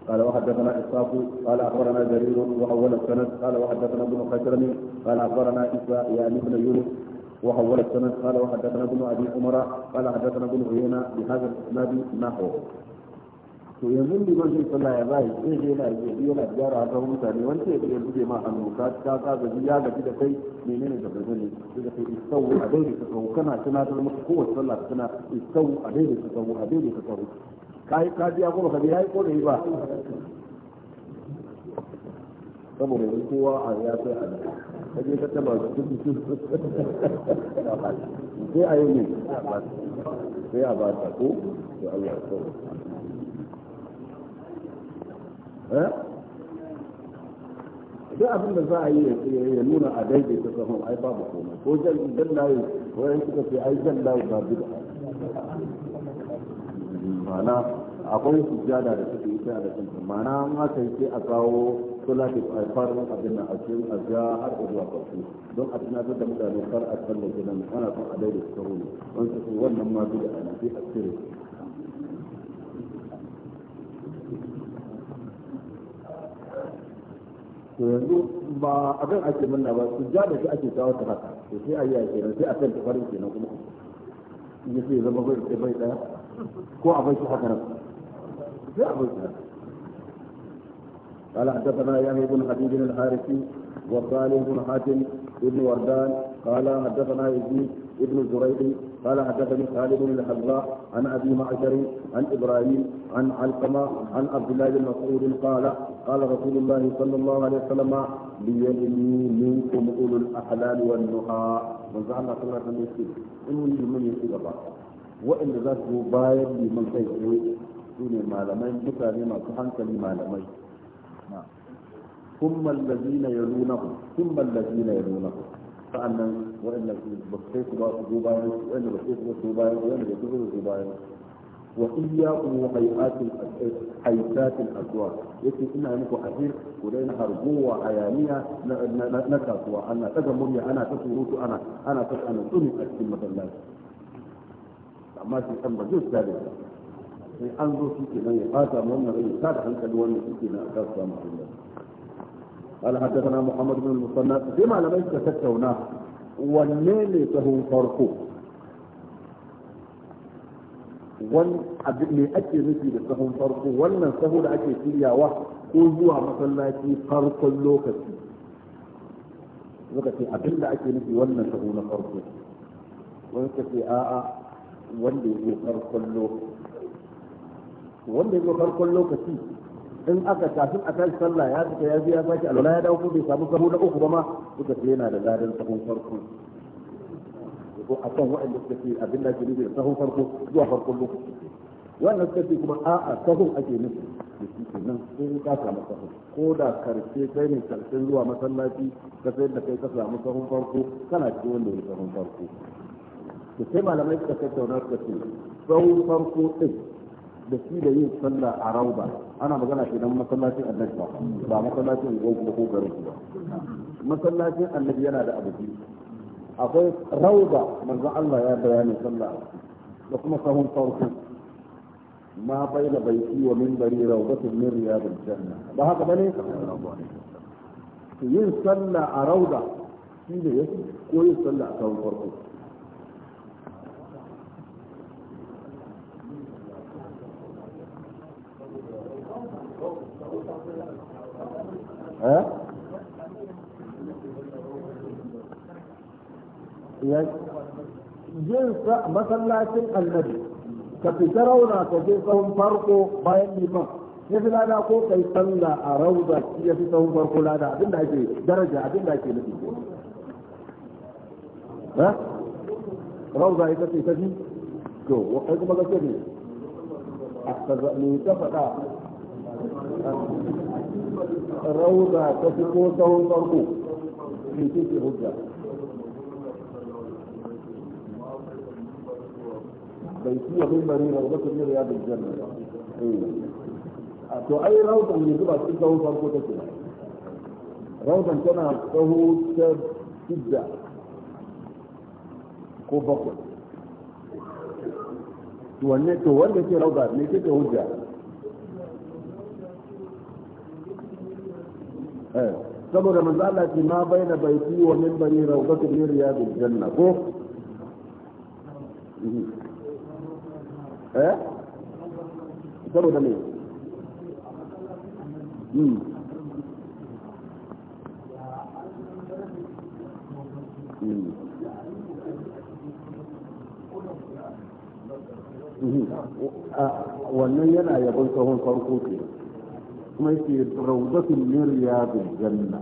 قال وحدثنا إصاف قال أخبرنا جرير وأول السند قال واحد وحدثنا ابن خشرم قال أخبرنا إسا يعني ابن يونس وهو السند قال وحدثنا ابن ابي عمر قال حدثنا ابن عيينة بهذا الاسناد نحو يمن بمن في الله يا باي ايه جي لا يجي إيه بيو لا بيارا إيه هذا هو مساني وانت يبقى إيه يبقى ما عنه كاد كاكا زي يا لكي دكي مينين جبزني دكي استو عديري تطرو كنا كنا تلمك قوة صلى كنا استو عديري تطرو عديري تطرو كاي كادي اقول خبيه هاي قول ايبا ka je ka taba su sai a yi ne sai a ba ta ko to Allah ya kawo eh? duk abin da za a yi ya nuna a daidai ta sahun ai babu komai ko jan jan layi ko yan suka ce ai jan layi ba bi da mana akwai sujjada da suke yi ta da kanta mana an aka yi sai a kawo solatif a farin abin nan a cikin a ja har da zuwa farko don a tunatar da mutane kar a tsallar gidan ana kan a daidai su kawo ne don su wannan ma duk da ana sai a cire to yanzu ba abin ake manna ba su ja da shi ake kawo ta haka to sai a yi a kenan sai a kan ta farin kenan kuma ya sai zama bai bai daya ko a bai shi haka nan sai a bai shi haka قال حدثنا يحيى بن حبيب الحارثي وصالح بن حاتم بن وردان قال حدثنا يزيد بن زريق قال حدثني خالد بن الحذاء عن ابي معشر عن ابراهيم عن علقمه عن عبد الله بن مسعود قال قال رسول الله صلى الله عليه وسلم ليلني منكم اولو الاحلال والنهى من زعم صلى الله عليه وسلم انه من يسير الله وان ذاته باين لمن سيسير دون المعلمين بكى لما تحنك لمالمين ثم الذين يلونهم ثم الذين يلونهم فأنا وإن بصيت بصوبان وإن بصيت بصوبان وإن بصيت بصوبان وإياكم وهيئات حيثات الأزواج يكي إنا نكو أهير ولين هربوا وعيانية نكاسوا أنا تجمعني أنا تسوروت أنا أنا تسأنا سنة أكلمة الله amma shi kan ba zai sa da sai an zo shi ke nan ya fata wannan rai ya sa da hankali wannan shi ke nan a kasuwa mutum قال حدثنا محمد بن المصنع فيما لم يتسكت هناك والنيل فهو فرقه والعبد أكي نسي لسهم فرقه والمن سهل أكي سيليا وقل هو مثلا أكي فرق اللوكة وكتي أبدا أكي نسي والمن سهل فرقه وكتي آآ والذي هو فرق اللوكة والذي هو فرق اللوكة in aka kafin a tashi sallah ya fita ya biya sake alwala ya dawo ko bai samu sahu na uku ba ma suka ce yana da ladan sahun farko ko akan waɗanda suka ce abin da ke nufi da sahun farko zuwa farkon lokaci wannan suka ce kuma a'a sahun ake nufi da shi ke nan sai ka samu sahun ko da karshe kai ne karshen zuwa masallaci ka sayar da kai ka samu sahun farko kana ci wanda ya sahun farko ko sai malamai suka tattauna suka ce sahun farko ɗin da shi da yin sallah a rauba ana magana ke masallacin annabi ba ba masallacin gwamnati ko garin ba masallacin annabi yana da abu akwai rauba manzon Allah ya bayani sallah da kuma sahun farko ma baina baiti wa minbari rawdatun min riyadil janna ba haka bane yin sallah a rauda shi da yake ko yin sallah a sahun farko jin masallacin annabi ka fita rauna ka je sahun farko bayan liman ya fi lada ko kai sallah a rauda ya fi sahun farko lada abin da ake daraja abinda ake nufi ha rauda ita ce ta fi to kai kuma ka ce ne a kazaɓe ta faɗa rauda ta fi ko sahun farko ne ce hujja bai fi yabin bari rawdatu min riyadil janna eh. to ai rawdan yanzu ba cikin kawo farko take ba rawdan tana kawo ta shidda ko bakwai to wanne to wanda ke rawda ne ke hujja eh, saboda manzo Allah ce ma baina baiti wa minbari rawdatu min riyadil janna ko mhm. eh saboda me hmm. Hmm. Hmm. wannan yana yabon tsohon farko ke kuma yake raudatun min da janna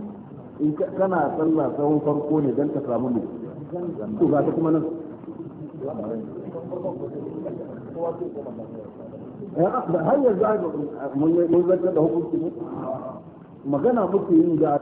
in kana tsalla tsohon farko ne don ka samu ne su ba ta kuma nan Eh, har yanzu mun zartar da hukunci ne magana muke yin da